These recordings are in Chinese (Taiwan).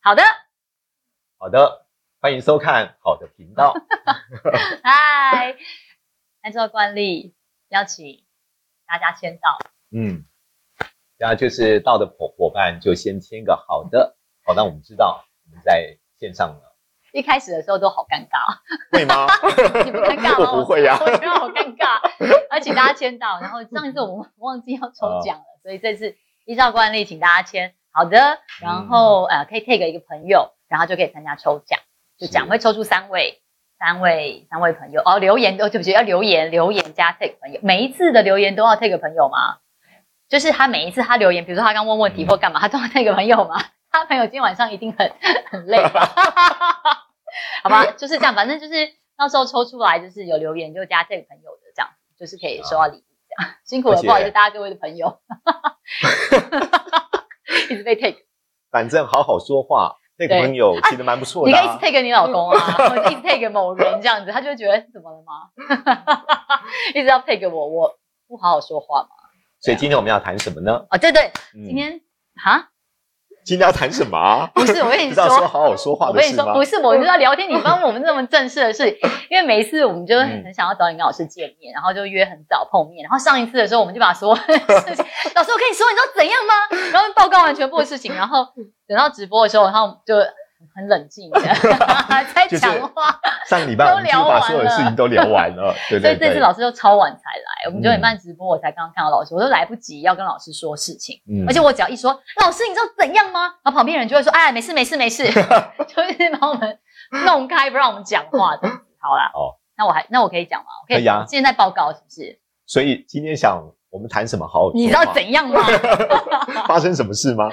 好的，好的，歡迎收看《好的》頻道。嗨， 按照慣例，邀請大家簽到。嗯，然後就是到的伙伙伴就先簽個好的， 好，那我們知道我們在線上了。一開始的時候都好尷尬，會嗎？ 你不尷尬嗎？我不會呀、啊， 我覺得好尷尬。 而且大家簽到，然後上一次我們忘記要抽獎了， 所以這次依照慣例，請大家簽。好的，然後、嗯、呃，可以 take 一個朋友，然後就可以參加抽獎，就獎會抽出三位、三位、三位朋友哦。留言都對不起，要留言，留言加 take 朋友，每一次的留言都要 take 朋友嗎？就是他每一次他留言，比如說他剛問問題或幹嘛，嗯、他都要 take 朋友嗎？他朋友今天晚上一定很很累吧？ 好吧，就是這樣，反正就是到時候抽出來，就是有留言就加 take 朋友的這樣，就是可以收到禮物這樣，辛苦了，不好意思，大家各位的朋友。 一直被 take，反正好好說話，那個朋友其實蠻不錯的、啊啊。你可以一直 take 你老公啊，我、嗯、一直 take 某人這樣子， 他就會覺得是怎麼了嗎？ 一直要 take 給我，我不好好說話嘛。所以今天我們要談什麼呢？啊、哦，對對，嗯、今天哈。今天要談什麼、啊、不是我跟你說，不知道說好好說話。我跟你說，不是我知道聊天，你幫我們這麼正式的事情，因為每一次我們就很想要找你跟老師見面，嗯、然後就約很早碰面。然後上一次的時候，我們就把所有事情， 老師我跟你說，你知道怎樣嗎？然後報告完全部的事情，然後等到直播的時候，然後就。很冷靜的在講話。上禮拜我們就把所有事情都聊完了對。對對 所以這次老師都超晚才來。我們九點半直播，我才剛剛看到老師，我都來不及要跟老師說事情。而且我只要一說“老師，你知道怎樣嗎？”然後旁邊人就會說“哎，沒事，沒事，沒事”，就是把我們弄開，不讓我們講話的。好啦，哦，那我還那我可以講嗎？可以，現在報告是不是？所以今天想我們談什麼好？你知道怎樣嗎？發生什麼事嗎？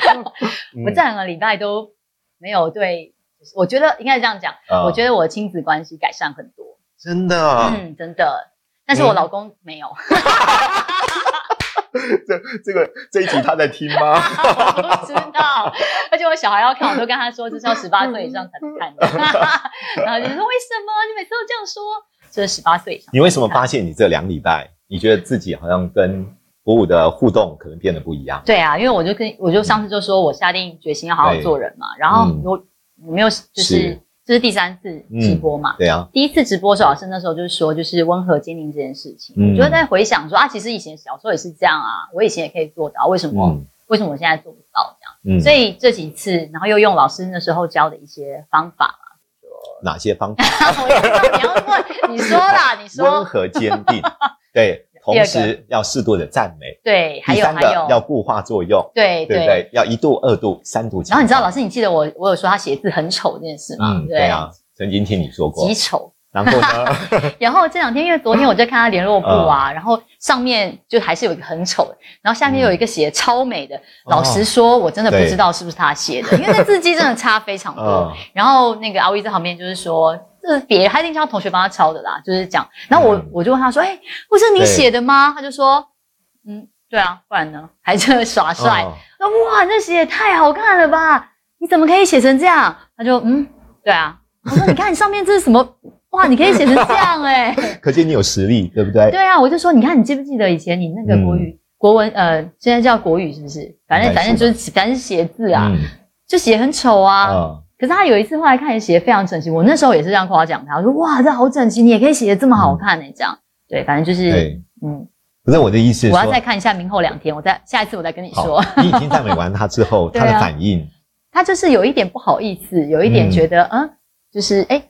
我這兩個禮拜都沒有對。我覺得應該是這樣講、啊。我覺得我的親子關係改善很多，真的、啊，嗯，真的。但是我老公沒有。嗯、 這這個這一集他在聽嗎？ 我不知道。而且我小孩要看，我都跟他說這是要十八歲以上才能看的。 然後我就說，為什麼你每次都這樣說？就是十八歲以上。你為什麼發現你這兩禮拜你覺得自己好像跟博武的互動可能變得不一樣？對啊，因為我就跟我就上次就說，我下定決心要好好做人嘛。然後我。嗯我沒有，就是這是第三次直播嘛。對啊，第一次直播的時候，老師那時候就是說，就是溫和堅定這件事情。嗯。就會在回想說啊，其實以前小時候也是這樣啊，我以前也可以做到，為什麼為什麼我現在做不到這樣？所以這幾次，然後又用老師那時候教的一些方法，說哪些方法？ 我聽到你要問，你說啦，你說溫和堅定，對。同時要適度的讚美，對，還有還有要固化作用，對對對，要一度、二度、三度。然後你知道老師，你記得我我有說他寫字很醜這件事嗎？嗯，對啊，曾經聽你說過，極醜，然後呢？ 然後這兩天因為昨天我在看他聯絡簿啊，嗯、然後上面就還是有一個很醜，然後下面有一個寫超美的。老實說，我真的不知道是不是他寫的，嗯、因為那字跡真的差非常多。嗯、然後那個阿威在旁邊就是說。是別，還是叫同學幫他抄的啦。就是講，然後我、嗯、我就問他說：“哎、欸，不是你寫的嗎？”他就說：“嗯，對啊，不然呢？”還真的耍帥、哦。說：“哇，那寫也太好看了吧？你怎麼可以寫成這樣？”他就：“嗯，對啊。”我說：“你看你上面這是什麼？ 哇，你可以寫成這樣哎、欸！可見你有實力，對不對？”對啊，我就說：“你看你記不記得以前你那個國語、嗯、國文，呃，現在叫國語是不是？反正反正就是反正寫字啊，就寫很醜啊。嗯”嗯可是他有一次後來看你寫的非常整齊，我那時候也是這樣誇獎他，我說哇，這好整齊，你也可以寫的這麼好看呢、欸，這樣對，反正就是，嗯。可是我的意思是，我要再看一下明後兩天，我再下一次我再跟你說。你已經讚美完他之後、 啊，他的反應，他就是有一點不好意思，有一點覺得，嗯，嗯就是哎、欸，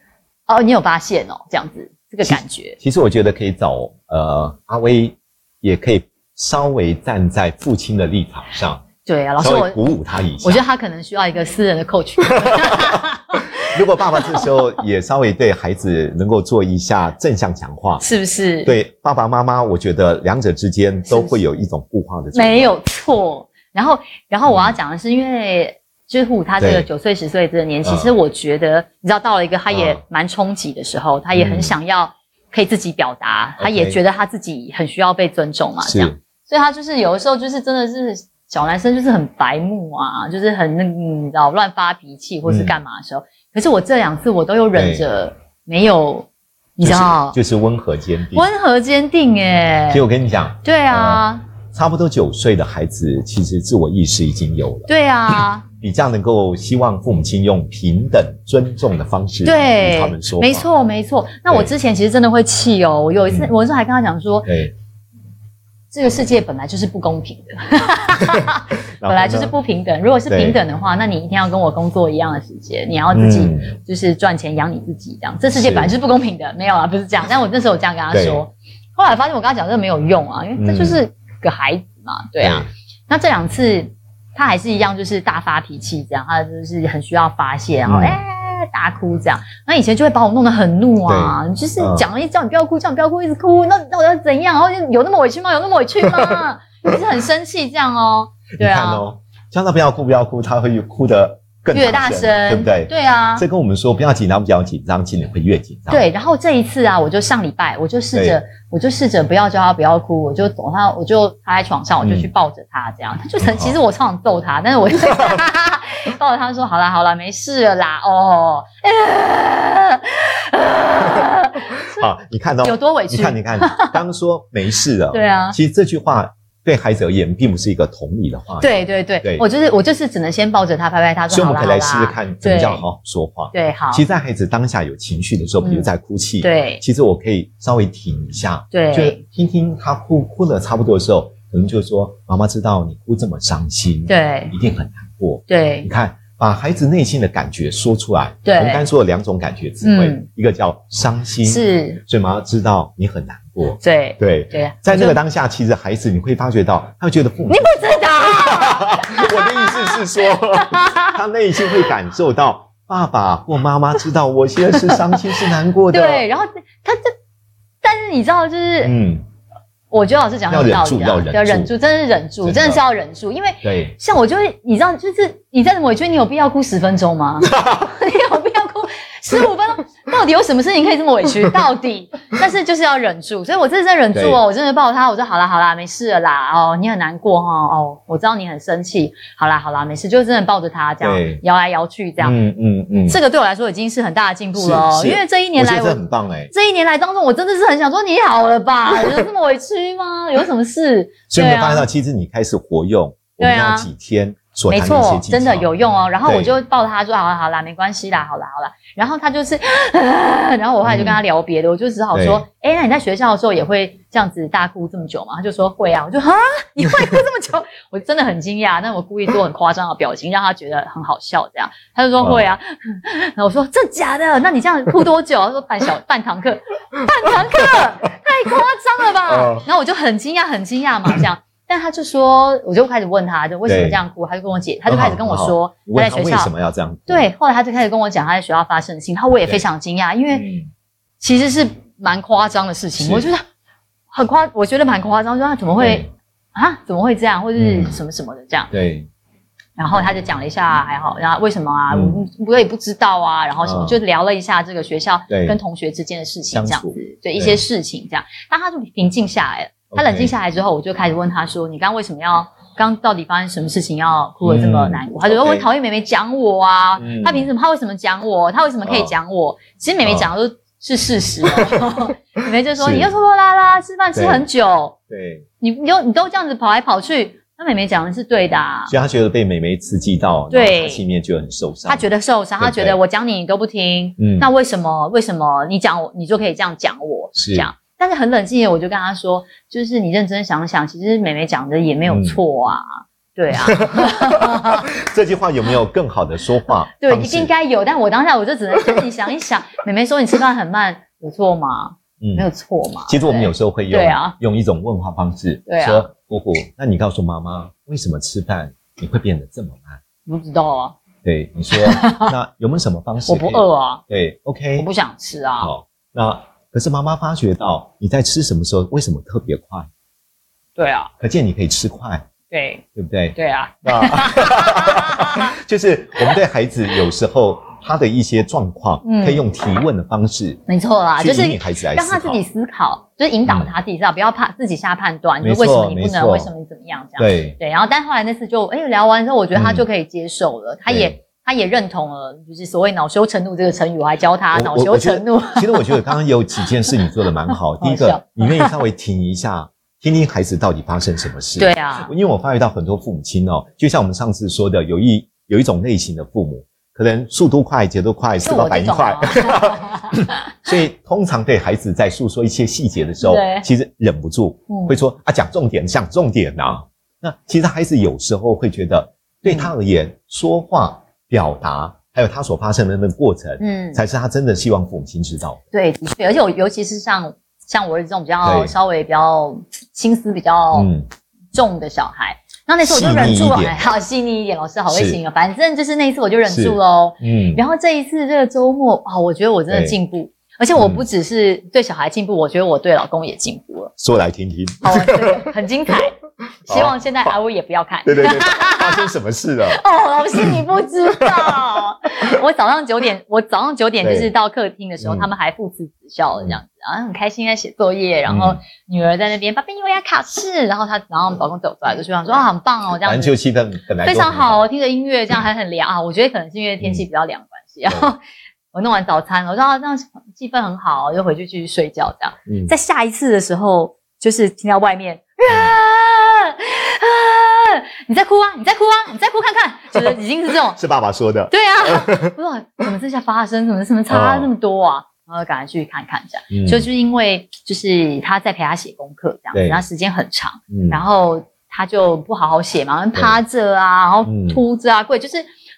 哦，你有發現哦，這樣子這個感覺其。其實我覺得可以找呃阿威，也可以稍微站在父親的立場上。對啊，老師，我鼓舞他一下我。我覺得他可能需要一個私人的 coach 。 如果爸爸這時候也稍微對孩子能夠做一下正向強化，是不是？對，爸爸媽媽，我覺得兩者之間都會有一種互化的是是沒有錯。然後，然後我要講的是，因為之、嗯就是、乎他這個九歲十歲這個年紀，其實我覺得，你知道到了一個他也蠻憧憬的時候、嗯，他也很想要可以自己表達、嗯，他也覺得他自己很需要被尊重嘛，這樣。所以，他就是有的時候就是真的是。小男生就是很白目啊，就是很那，你知道亂發脾氣或是幹嘛的時候，嗯、可是我這兩次我都有忍着、欸，沒有、就是、你知道就是溫和堅定，溫和堅定。誒其實我跟你講，對啊，呃、差不多九歲的孩子其實自我意識已經有了，對啊，比 較能夠希望父母親用平等尊重的方式對他們說，沒錯沒錯。那我之前其實真的會氣哦、喔，我有一次、嗯、我是還跟他講說。對這個世界本來就是不公平的， 本來就是不平等。如果是平等的話，那你一定要跟我工作一樣的時間，你要自己就是賺錢養你自己這樣。這世界本來就是不公平的，沒有啊，不是這樣。但我那時候我這樣跟他說，後來發現我跟他講這個沒有用啊，因為這就是個孩子嘛，對啊。那這兩次他還是一樣，就是大發脾氣這樣，他就是很需要發洩，然後哎。大哭這樣，那以前就會把我弄得很怒啊，就是講了一叫你、嗯、叫你不要哭，叫你不要哭，一直哭，那那我要怎樣？然後就有那麼委屈嗎？有那麼委屈嗎？ 就是很生氣這樣哦。對啊，哦，叫他不要哭，不要哭，他會哭得更越大聲，對不對？對啊，這跟我們說不要緊張，不要緊張，緊張會越緊張。對，然後這一次啊，我就上禮拜我就試着，我就試着不要叫他不要哭，我就走他，我就趴在床上，我就去抱着他，這樣、嗯、他就成。其實我超想揍他，但是我就。 抱着他說：“好啦好啦，沒事了啦。”哦，啊啊、 好，你看到、哦、有多委屈？你看，你看，剛剛說沒事了。 對啊，其實這句話對孩子而言並不是一個同理的話。對對對,對，我就是我就是只能先抱着他，拍拍他說，好啦好啦，說所以我們可以來試試看怎麼叫好好說話。對，對好。其實，在孩子當下有情緒的時候、嗯，比如在哭泣，對，其實我可以稍微停一下，對，就聽聽他哭，哭了差不多的時候，可能就說：“媽媽知道你哭這麼傷心，對，一定很難。”過，對，你看，把孩子內心的感覺說出來。對，我們剛說了兩種感覺，只、嗯、會一個叫傷心，是，所以媽媽知道你很難過。對，對，在這個當下，其實孩子你會發覺到，他會覺得父母你不知道、啊， 我的意思是說， 他內心會感受到，爸爸或媽媽知道我現在是傷心 是難過的。對，然後他這，但是你知道，就是嗯。我覺得老師講的有道理啊，要忍住，真的是忍住，真的是要忍住，因為像我就會，你知道，就是你在我覺得你有必要哭十分鐘嗎？ 十五分鐘，到底有什麼事情可以這麼委屈？ 到底？但是就是要忍住，所以我真的忍住哦。我真的抱着他，我說好啦好啦，沒事了啦哦，你很難過哈哦，我知道你很生氣。好啦好啦，沒事，就真的抱着他這樣搖來搖去這樣。嗯嗯嗯，這個對我來說已經是很大的進步了、哦，因為這一年來我，我覺得很棒誒、欸。這一年來當中，我真的是很想說你好了吧？有 這麼委屈嗎？有什麼事？所以你發現到、啊，其實你開始活用，我們要幾天？沒錯，真的有用哦。然後我就抱他說：“好了好了，沒關係啦，好了好了。”然後他就是、呃，然後我後來就跟他聊別的、嗯，我就只好說：“哎、欸，那你在學校的時候也會這樣子大哭這麼久嗎？”他就說：“會啊。”我就啊，你會哭這麼久？ 我真的很驚訝。那我故意做很誇張的表情，讓他覺得很好笑，這樣他就說：“會啊。 ”然後我說：“這假的？那你這樣哭多久？” 他說：“半小半堂課，半堂課，太誇張了吧？” 然後我就很驚訝，很驚訝嘛，這樣。但他就說，我就開始問他，就為什麼這樣哭？他就跟我解，他就開始跟我說，哦、好好他在學校他為什麼要這樣哭？對，後來他就開始跟我講他在學校發生的事情，然後我也非常驚訝，因為其實是蠻誇張的事情，我就是很誇，我覺得蠻誇張，說他、啊、怎麼會啊？怎麼會這樣，或者是什麼什麼的這樣？對。然後他就講了一下，還好，然後為什麼啊、嗯？我也不知道啊。然後什麼就聊了一下這個學校跟同學之間的事情，這樣子，對，對一些事情這樣，但他就平靜下來了。Okay. 他冷靜下來之後，我就開始問他說：“你剛剛為什麼要？剛到底發生什麼事情要哭得這麼難過？”嗯、他就說：“我討厭妹妹講我啊！嗯、他憑什麼？他為什麼講我？他為什麼可以講我、哦？其實妹妹講的都是事實。妹、哦、妹 就說：‘你又拖拖拉拉，吃飯吃很久。對’對，你你你都這樣子跑來跑去，那妹妹講的是對的、啊。所以他覺得被妹妹刺激到，對，他心裡面就很受傷。他覺得受傷，他覺得我講你你都不聽，嗯，那為什麼為什麼你講我，你就可以這樣講我？是這樣。”但是很冷靜的，我就跟他說：“就是你認真想想，其實妹妹講的也沒有錯啊、嗯，對啊。 ” 這句話有沒有更好的說話？對，應該有，但我當下我就只能跟你想一想。妹 妹說：“你吃飯很慢，有錯嗎、嗯？沒有錯嘛。”其實我們有時候會用，對對啊、用一種問話方式對、啊，說：“姑姑，那你告訴媽媽，為什麼吃飯你會變得這麼慢？我不知道啊。”對，你說那有沒有什麼方式？ 我不餓啊。對，OK。我不想吃啊。好，那。可是媽媽發覺到你在吃什麼時候，為什麼特別快？對啊，可見你可以吃快，對對不對？對啊， 就是我們對孩子有時候他的一些狀況，可以用提問的方式、嗯，沒錯啦，就是讓他自己思考,、就是讓他自己思考嗯，就是引導他自己知道，不要怕自己下判斷，你就為什麼你不能，為什麼你怎麼樣？這樣子對對。然後，但後來那次就哎、欸、聊完之後，我覺得他就可以接受了，嗯、他也。他也認同了，就是所謂“惱羞成怒”這個成語，我還教他“惱羞成怒”。其實我覺得剛剛有幾件事你做得蠻好的 好笑。第一個，你願意稍微停一下，聽聽孩子到底發生什麼事。對啊，因為我發覺到很多父母親哦，就像我們上次說的，有一有一種類型的父母，可能速度快、節奏快、思考反應快， 所以通常對孩子在訴說一些細節的時候，其實忍不住、嗯、會說：“啊，講重點，講重點啊！”那其實孩子有時候會覺得，對他而言，嗯、說話。表達，還有他所發生的那個過程，嗯，才是他真的希望父母親知道。對，的確，而且我尤其是像、像我兒子這種比較稍微比較心思比較重的小孩，那、嗯、那次我就忍住了，好細膩一點，老師好會心啊。反正就是那次我就忍住嘍、喔，嗯，然後這一次這個周末啊、哦，我覺得我真的進步，而且我不只是對小孩進步，我覺得我對老公也進步了。說來聽聽，好、啊，對，很精彩。 希望現在阿威、哦啊、也不要看對對對，發生什麼事了？ 哦，老師你不知道， 我早上九點，我早上九點就是到客廳的時候，他們還父慈子孝的這樣子，啊、嗯、很開心在寫作業，然後女兒在那邊，爸爸你又要考試，然後她然後老公走出來就說，說啊很棒哦、喔、這樣，反球氣氛很難，非常好哦，我聽着音樂這樣還很涼、嗯、啊，我覺得可能是因為天氣比較涼關係、嗯，然後我弄完早餐，我說啊這樣氣氛很好，我就回去繼續睡覺這樣、嗯，在下一次的時候就是聽到外面。嗯你再哭啊！你再哭啊！你再哭，看看， 覺得已經是這種。是爸爸說的。對啊，哇， 怎麼這下發生？怎麼什麼差那麼多啊？哦、然後趕快去看看一下，就、嗯、就是因為就是他在陪他寫功課這樣子，然後時間很長、嗯，然後他就不好好寫嘛，趴着啊，然後禿着啊，跪、嗯，就是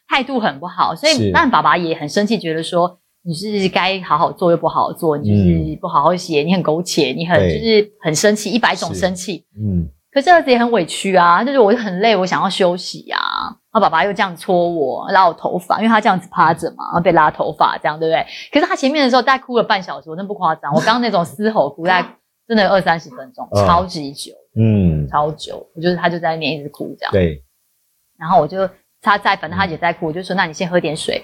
態度很不好，所以但爸爸也很生氣，覺得說你是該好好做又不好好做、嗯，你就是不好好寫，你很苟且，你很就是很生氣，一百種生氣，嗯。可是這兒子也很委屈啊，就是我很累，我想要休息呀、啊。然、啊、後爸爸又這樣搓我，拉我頭髮，因為他這樣子趴着嘛，然後被拉頭髮這樣，對不對？可是他前面的時候，大概哭了半小時，我那不誇張。我剛剛那種嘶吼哭，大概 真的有二三十分鐘、哦，超級久，嗯，超久。我就是他就在那邊一直哭這樣。對。然後我就。他在，反正他也在哭。我就說，那你先喝點水。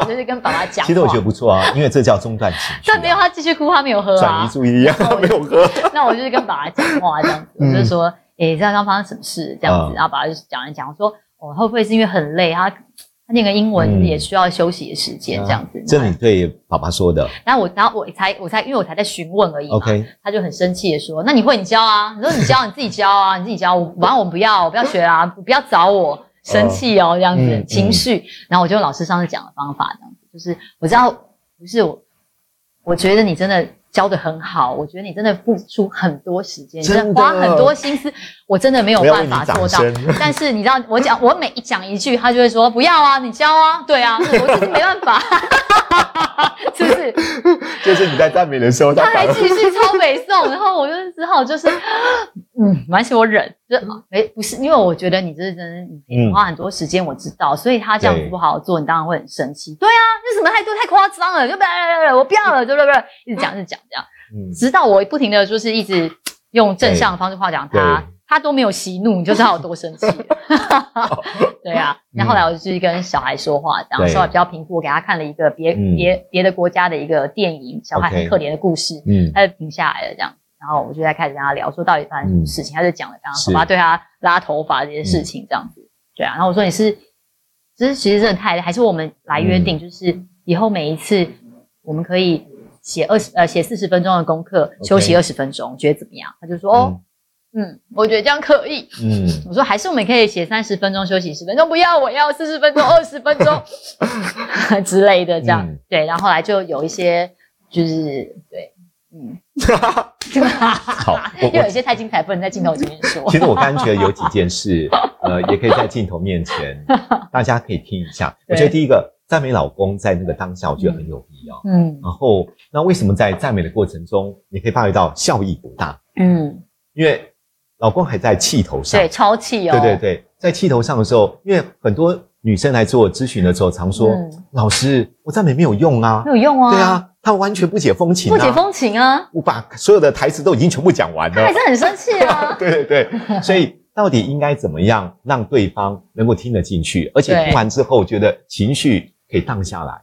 我 就是跟爸爸講。其實我覺得不錯啊，因為這叫中斷期、啊。但沒有他繼續哭，他沒有喝。轉移注意力啊，啊他沒有喝。那我就是跟， 跟爸爸講話這樣子、嗯，我就說，誒、欸，剛剛發生什麼事？這樣子，然後爸爸就講一講我說，我、哦、會不會是因為很累？他他念個英文也需要休息的時間、嗯，這樣子。這你對爸爸說的。然後我，然後我才，我才，我才因為我才在詢問而已嘛。OK。他就很生氣的說，那你會你教啊？你說你教你自己教啊，你自己教。我完我們不要，我不要學啊，不要找我。生氣哦，哦，這樣子、嗯、情緒、嗯，然後我就老師上次講的方法，就是我知道不是我，我覺得你真的，教得很好，我覺得你真的付出很多時間，真的花很多心思，我真的沒有辦法做到。但是你知道，我講我每一講一句，他就會說不要啊，你教啊，對啊，對我就是沒辦法，哈 哈是不是？就是你在讚美的時候，他還繼續超美宋， 然後我就只好就是，嗯，沒關係，我忍，就哎不是，因為我覺得你這是真的，你花很多時間我知道，嗯、所以他這樣子不好好做，你當然會很生氣。對啊，那什麼態度太誇張了，就要不要，我不要了，對不對，對？一直講一直講。直到我不停的，就是一直用正向的方式話講他，他都沒有息怒，你就知道我多生氣？ 對啊。然後後來我就去跟小孩說話，然後說話比較平復，我給他看了一個別、嗯、別別的國家的一個電影，小孩很可憐的故事，okay. 他就停下來了這樣、嗯、然後我就在開始跟他聊說到底發生什麼事情，嗯、他就講了剛剛我對他拉頭髮這件事情、嗯、這樣子。對啊，然後我說你是，其實其實真的太，還是我們來約定，嗯、就是以後每一次我們可以。寫二十呃，寫四十分鐘的功課，Okay. 休息二十分鐘，覺得怎麼樣？他就說：“哦、嗯，嗯，我覺得這樣可以。”嗯，我說：“還是我們可以寫三十分鐘，休息十分鐘，不要我要四十分鐘，二十分鐘 之類的。”這樣、嗯、對，然後後來就有一些就是對，嗯， 好，因為有些太精彩，不能在鏡頭前面說、嗯。其實我剛覺得有幾件事， 呃，也可以在鏡頭面前， 大家可以聽一下。我覺得第一個。讚美老公在那個當下，我覺得很有必要嗯。嗯，然後那為什麼在讚美的過程中，你可以發覺到效益不大？嗯，因為老公還在氣頭上，對，超氣哦。對對對，在氣頭上的時候，因為很多女生來做諮詢的時候，常說、嗯嗯：“老師，我讚美沒有用啊，沒有用啊。”對啊，他完全不解風情、啊，不解風情啊！我把所有的台詞都已經全部講完了，他還是很生氣啊。 對對對，所以到底應該怎麼樣讓對方能夠聽得進去，而且聽完之後覺得情緒。可以蕩下來，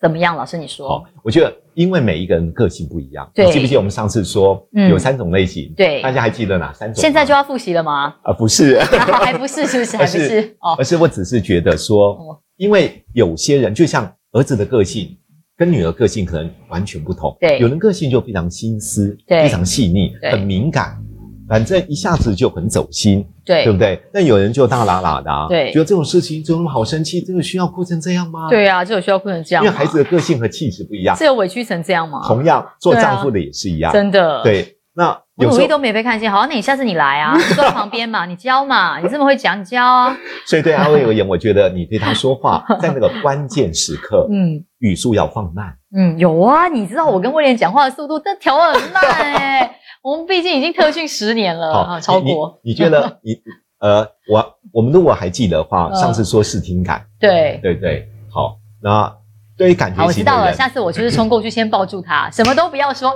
怎麼樣，老師你說？好、oh，我覺得因為每一個人個性不一樣，對，你記不記得我們上次說、嗯、有三種類型，對，大家還記得哪三種？現在就要複習了嗎？啊，不是， 還不是，是不是，還不是哦，而是我只是覺得說，哦、因為有些人就像兒子的個性跟女兒個性可能完全不同，對，有人個性就非常心思，對，非常細膩，很敏感。反正一下子就很走心，對，對不對？但有人就大喇喇的、啊，對，覺得這種事情就這麼好生氣？真的需要哭成這樣嗎？對啊，這個需要哭成這樣。因為孩子的個性和氣質不一樣，是有委屈成這樣嗎？同樣做丈夫的也是一樣，啊、真的。對，那我努力都沒被看見。好，那你下次你來啊， 你坐在旁邊嘛，你教嘛，你這麼會講，你教啊。 所以對阿威而言，我覺得你對他說話在那個關鍵時刻， 嗯，語速要放慢。嗯，有啊，你知道我跟威廉講話的速度，這調很慢哎、欸。 我們畢竟已經特訓十年了，好，超過。你，你覺得你呃，我我們如果還記得的話，呃、上次說視聽感對、嗯，對對對，好。那對於感覺型的，我知道了。下次我就是衝過去先抱住他， 什麼都不要說。哦，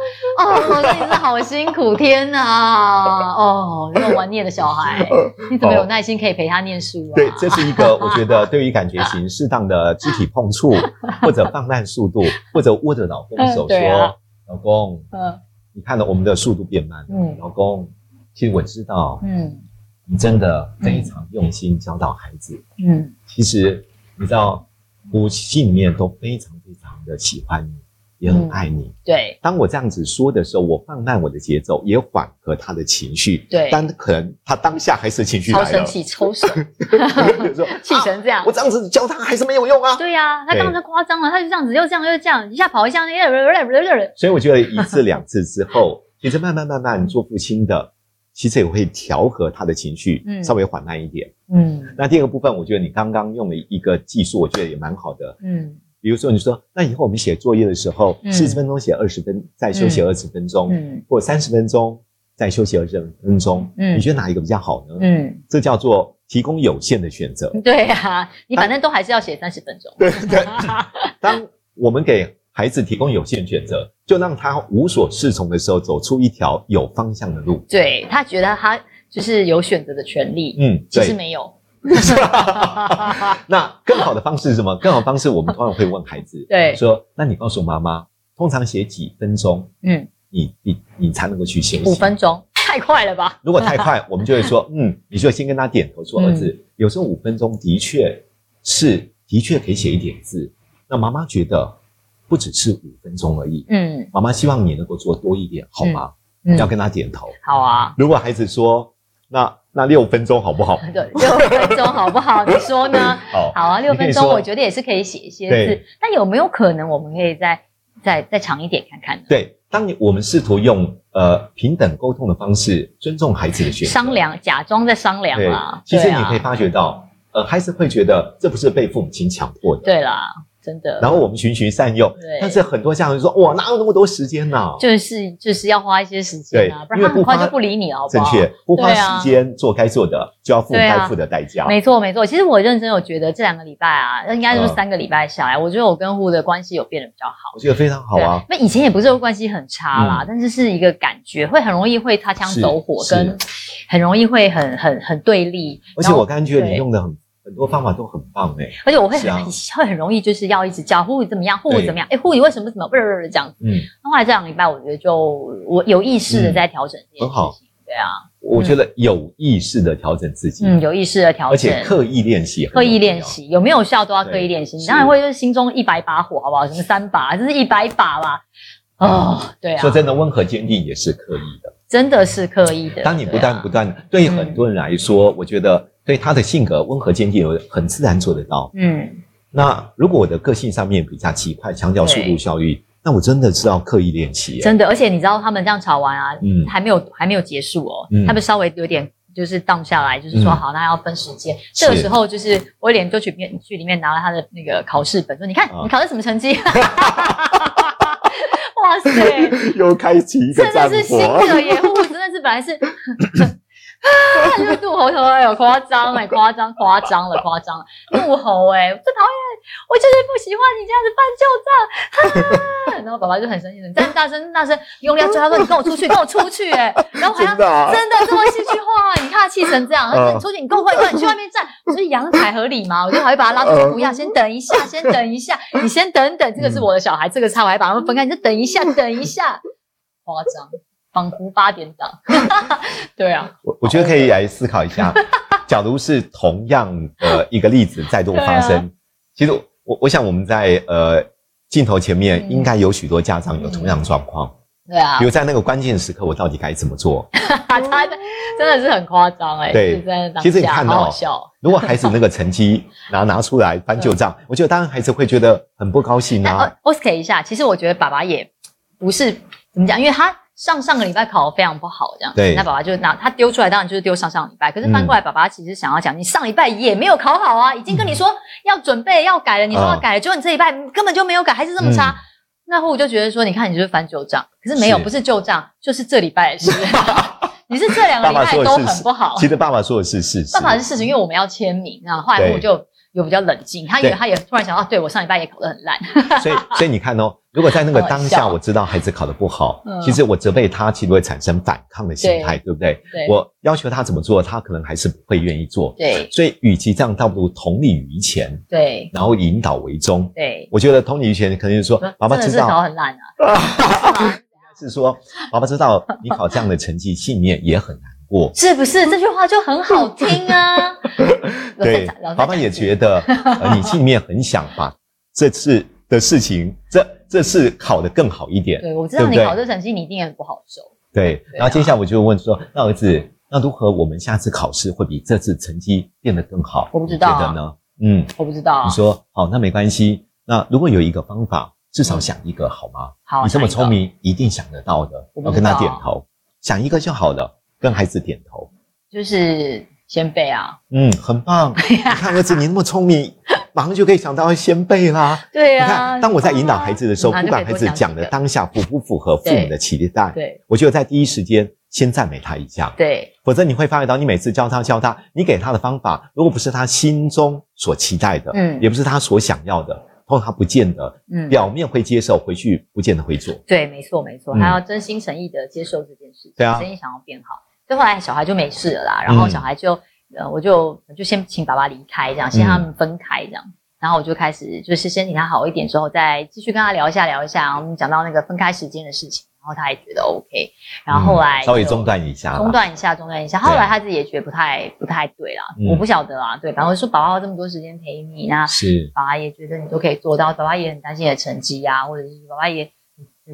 你是好辛苦，天哪，哦，那麼頑劣的小孩，你怎麼有耐心可以陪他念書、啊？對，這是一個我覺得對於感覺型適當的肢體碰觸， 或者放慢速度，或者握着老公的手說、啊，老公，嗯、呃。你看到我們的速度變慢了，嗯，老公，其實我知道，嗯，你真的非常用心教導孩子，嗯，嗯，其實你知道，我心裡面都非常非常的喜歡你。也很愛你、嗯。對，當我這樣子說的時候，我放慢我的節奏，也緩和他的情緒。對，但可能他當下還是情緒來了，奇神。超生抽神，氣，氣成這樣，啊。我這樣子教他還是沒有用啊。對呀，啊，他當時誇張了，他就這樣子又這樣又這樣，一下跑一下，哎、呃、哎、呃呃呃呃，所以我覺得一次兩次之後，其 實慢慢慢慢做父親的，其實也會調和他的情緒，嗯，稍微緩慢一點。嗯，那第二個部分，我覺得你剛剛用了一個技術，我覺得也蠻好的。嗯。比如說，你說那以後我們寫作業的時候，嗯、四十分鐘寫二十分，再休息二十分鐘，嗯嗯、或三十分鐘再休息二十分鐘、嗯，你覺得哪一個比較好呢？嗯，這叫做提供有限的選擇。對啊，你反正都還是要寫三十分鐘。對對。對 當我們給孩子提供有限的選擇，就讓他無所適從的時候，走出一條有方向的路。對，他覺得他就是有選擇的權利，嗯，其實沒有。 那更好的方式是什麼？更好的方式，我們通常會問孩子，對，說，那你告訴媽媽，通常寫幾分鐘？嗯，你你你才能夠去寫五分鐘，太快了吧？如果太快， 我們就會說，嗯，你就先跟他點頭說，兒子、嗯，有時候五分鐘的確是的確可以寫一點字，那媽媽覺得不只是五分鐘而已，嗯，媽媽希望你能夠做多一點，好嗎、嗯嗯？要跟他點頭，好啊。如果孩子說，那。那六分鐘好不好？ 六分鐘好不好？ 你說呢？好啊，啊，六分鐘，我覺得也是可以寫一些字。但有沒有可能，我們可以再再再長一點看看？對，當你我們試圖用呃平等溝通的方式，尊重孩子的選擇，商量，假裝在商量啊。其實你可以發覺到，啊、呃，孩子會覺得這不是被父母親強迫的。對啦。真的，然後我們循循善誘，對，但是很多家人就說：“哇，哪有那麼多時間呢？啊、就是就是要花一些時間啊，對，不然他很快就不理你了。正確，不花時間、啊、做該做的，就要付該付的代價。啊、沒錯沒錯，其實我認真有覺得這兩個禮拜啊，應該說三個禮拜下來，嗯，我覺得我跟戶的關係有變得比較好。我覺得非常好啊，那、啊、以前也不是說關係很差啦、嗯，但是是一個感覺會很容易會擦槍走火，跟很容易會很很很對立。而且我感覺你用得很。很多方法都很棒誒、欸，而且我會很會很容易，就是要一直教護理怎麼樣，護理怎麼樣？哎，護理為什麼怎麼不這樣？嗯，那後來這兩個禮拜，我覺得就我有意識的在調整。很、嗯、好，對啊，我覺得有意識的調整自己嗯，嗯，有意識的調整，而且刻意練習很、啊，刻意練習有沒有效都要刻意練習。當然會，就是心中一百把火，好不好？什麼三把，就是一百把啦。哦、啊，對啊。說真的，溫和堅定也是刻意的，真的是刻意的。啊、當你不斷不斷，對很多人來說，嗯、我覺得。因為他的性格溫和堅定，有很自然做得到。嗯，那如果我的個性上面比較急快，強調速度效率，那我真的是要刻意練習、欸。真的，而且你知道他們這樣吵完啊，嗯，還沒有還沒有結束哦、喔嗯，他們稍微有點就是盪下來，就是說好，嗯、那要分時間。這個時候就是我連就去面劇裡面拿了他的那個考試本，說你看、啊、你考的什麼成績？ 哇塞，又開啟是新的戰火耶！ 真的是本來是。 啊！那杜猴頭哎，有誇張，哎，誇張，誇張了，誇張了，了，了，了，怒吼、欸，哎，最討厭，我就是不喜歡你這樣子翻舊賬。然後爸爸就很生氣，你再大聲、大聲、用力叫他說：“你跟我出去，跟我出去、欸！”哎，然後還要真的、啊、真的這麼戲劇化，你看他氣成這樣，出去，你跟我換一你去外面站，所以陽台合理嗎？我就還會把他拉住，不要，先等一下，先等一下，你先等等，這個是我的小孩，這個菜我還把他們分開，你就等一下，等一下，誇張。仿佛八點檔， 對啊，我我覺得可以來思考一下， 假如是同樣的一個例子再度發生，啊、其實我我想我們在呃鏡頭前面應該有許多家長有同樣的狀況，嗯嗯，對啊，比如在那個關鍵時刻我到底該怎麼做？ 他的真的是很誇張哎，對、啊，其實你看到、喔喔，如果孩子那個成績拿 拿出來翻舊賬，我覺得當然孩子會覺得很不高興啊。Oscar、啊、一下，其實我覺得爸爸也不是怎麼講，因為他。上上個禮拜考得非常不好，這樣子，對，那爸爸就拿他丟出來，當然就是丟上上禮拜。可是翻過來，爸爸其實想要講、嗯，你上禮拜也沒有考好啊，已經跟你說要準備、要改了。你說要改了，結果、啊、你這一禮拜根本就沒有改，還是這麼差。嗯、那我就覺得說，你看你就是翻舊賬，可是沒有，是不是舊賬，就是這禮拜的事。 你是這兩個禮拜都很不好。其實爸爸說的是事實，爸爸說的是、是、是、是事實，因為我們要簽名啊。後來我就。又比較冷靜，他以為他也突然想到，對、啊、對，我上禮拜也考得很爛，所以所以你看哦，如果在那個當下我知道孩子考得不好，好嗯、其實我責備他，其實會產生反抗的心態，對不對，對？我要求他怎麼做，他可能還是不會願意做。對，所以與其這樣，倒不如同理於前，對，然後引導為中。對，我覺得同理於前，可能就是說，爸爸、啊、知道考很爛啊，是說爸爸知道你考這樣的成績，信念也很難。哦、是不是這句話就很好聽啊？ 對，爸爸也覺得、 呃、你心裡面很想把這次的事情， 這這次考得更好一點。對，我知道對對你考的成績，你一定也不好受。對，對、啊。然後接下來我就問說：“那兒子，那如何我們下次考試會比這次成績變得更好？我不知道、啊。”你覺得呢、啊？嗯，我不知道、啊。你說好，那沒關係。那如果有一個方法，至少想一個、嗯、好嗎？好。你這麼聰明一，一定想得到的。我跟他點頭、啊，想一個就好了。跟孩子點頭，就是先背啊，嗯，很棒。你看兒子，你那麼聰明， 馬上就可以想到要先背啦。對啊。你看，當我在引導孩子的時候，不管孩子講的當下符不，不符合父母的期待，對，對我就在第一時間先讚美他一下。對，否則你會發覺到，你每次教他教他，你給他的方法，如果不是他心中所期待的，嗯，也不是他所想要的，通常他不見得，嗯，表面會接受，回去不見得會做。對，沒錯，沒錯、嗯，他要真心誠意的接受這件事情。對啊，真心想要變好。後來小孩就沒事了啦，然後小孩就、嗯、呃，我就就先請爸爸離開，這樣、嗯、先他們分開這樣，然後我就開始就是先請他好一點之後，再繼續跟他聊一下聊一下，然後我們講到那個分開時間的事情，然後他也覺得 OK，然後後來稍微中斷一下，中斷一下，中斷一下，後來他自己也覺得不太不太對啦、嗯，我不曉得啊，對，反正我說爸爸要這麼多時間陪你，那是，爸爸也覺得你都可以做到，爸爸也很擔心你的成績啊，或者是爸爸也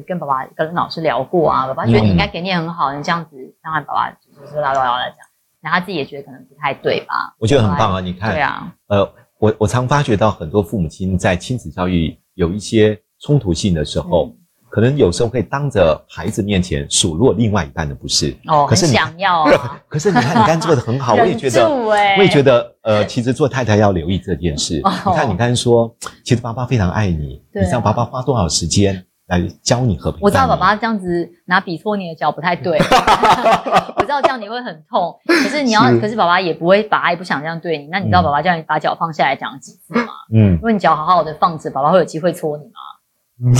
跟爸爸跟老師聊過啊，爸爸覺得你應該可以念很好的，你這樣子，然後爸爸。就是嘮老嘮來講，然後他自己也覺得可能不太對吧？我覺得很棒啊！你看，對啊，呃，我我常發覺到很多父母親在親子教育有一些衝突性的時候，嗯、可能有時候會當着孩子面前數落另外一半的不是。哦，可是你想要、啊。可是你看，你剛做的很好， 我也覺得，我也覺得，呃，其實做太太要留意這件事。哦、你看，你剛說，其實爸爸非常愛你，啊、你知道爸爸花多少時間？來教你和平。我知道爸爸這樣子拿筆戳你的腳不太對 我知道這樣你會很痛。可是你要，是可是爸爸也不會，也不想這樣對你。那你知道爸爸叫你把腳放下來講幾次嗎？嗯，因為你腳好好的放着，爸爸會有機會戳你嗎？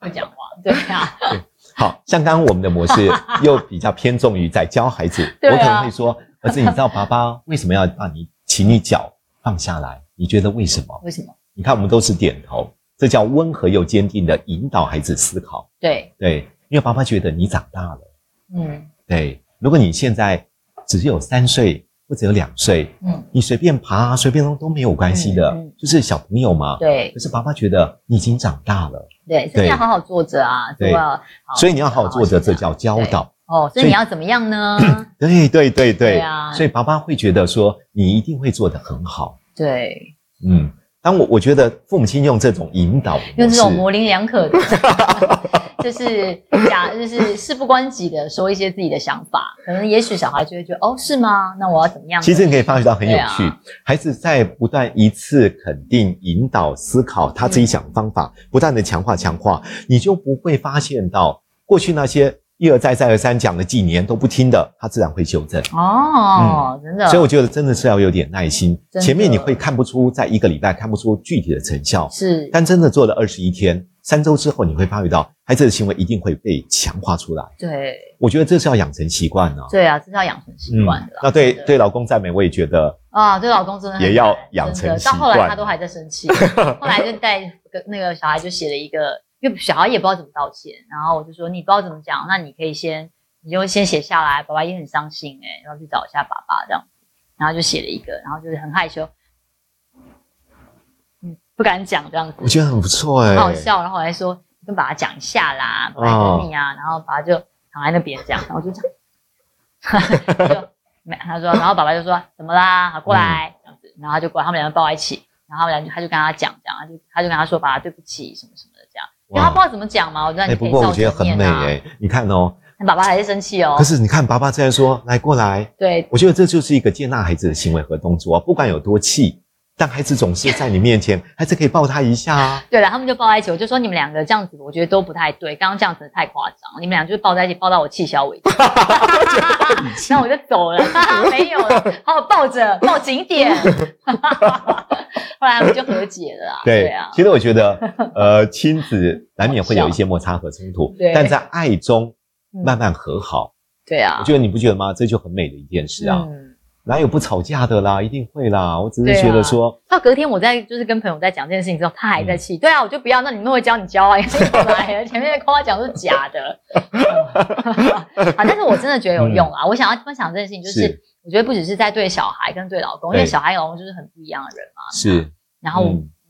會 講話，對、啊。對，好像剛剛我們的模式又比較偏重於在教孩子。 我可能會說，啊、兒子，你知道爸爸為什麼要讓你請你腳放下來？你覺得為什麼？為什麼？你看我們都是點頭。這叫溫和又堅定的引導孩子思考，對。對對，因為爸爸覺得你長大了。嗯，對。如果你現在只有三歲或者有兩歲，嗯，你隨便爬、啊、隨便弄都沒有關係的、嗯嗯，就是小朋友嘛。對。可是爸爸覺得你已經長大了。對。所以你要好好坐着啊，對吧？所以你要好好坐着，這叫教導哦。哦，所以你要怎麼樣呢？對對對對。對對對對啊，所以爸爸會覺得說你一定會做得很好。對。嗯。但我我覺得父母親用這種引導，用這種模稜兩可的， 就是假，就是事不關己的說一些自己的想法，可能也許小孩就會覺得，哦，是嗎？那我要怎麼樣？其實你可以發覺到很有趣，孩子在不斷一次肯定引導思考，他自己想的方法，嗯，不斷的強化強化，你就不會發現到過去那些。一而再、再而三講了幾年都不聽的，他自然會糾正哦、嗯。真的。所以我覺得真的是要有點耐心。前面你會看不出，在一個禮拜看不出具體的成效，是。但真的做了二十一天、三周之後，你會發覺到孩子的行為一定會被強化出來。對，我覺得這是要養成習慣哦。對啊，這是要養成習慣的。那對對，老公讚美我也覺得也啊，對、這個、老公真的也要養成習慣。到後來他都還在生氣， 後來就帶跟那個小孩就寫了一個。因為小孩也不知道怎麼道歉，然後我就說：“你不知道怎麼講，那你可以先你就先寫下來。”爸爸也很傷心哎、欸，然後去找一下爸爸這樣，然後就寫了一個，然後就是很害羞，嗯、不敢講這樣子。我覺得很不錯哎、欸，很好笑。然後我還說跟爸爸講一下啦，爸爸等你啊。哦、然後爸爸就躺在那邊講，然後就講， 就沒他說，然後爸爸就說：“怎麼啦？好，過來、嗯！”然後他就過來，他們兩個抱在一起，然後兩人他就跟他講，講，他就他就跟他說：“爸爸，對不起，什麼什麼。”他不知道怎麼講嘛，我在，你、欸。不過我覺得很美哎、欸啊，你看哦、喔，爸爸還是生氣哦、喔。可是你看，爸爸這樣說，來過來。對，我覺得這就是一個接納孩子的行為和動作，不管有多氣。但孩子總是在你面前，孩 子可以抱他一下啊。對了，他們就抱在一起，我就說你們兩個這樣子，我覺得都不太對。剛剛這樣子太誇張，你們倆就抱在一起，抱到我氣消為止。 然後我就走了，沒有了，好好抱着，抱緊點。 後來我們就和解了對。對啊，其實我覺得，呃，親子難免會有一些摩擦和衝突，但在愛中慢慢和好，嗯。對啊，我覺得你不覺得嗎？這就很美的一件事啊。嗯哪有不吵架的啦？一定會啦。我只是覺得說，啊、到隔天我在就是跟朋友在講這件事情之後，他還在氣。嗯、對啊，我就不要。那你們會教你教啊？來 前面的誇獎都是假的。嗯、 啊，但是我真的覺得有用啊。嗯、我想要分享這件事情，就是我覺得不只是在對小孩跟對老公，因為小孩跟老公就是很不一樣的人嘛。啊、是。然後，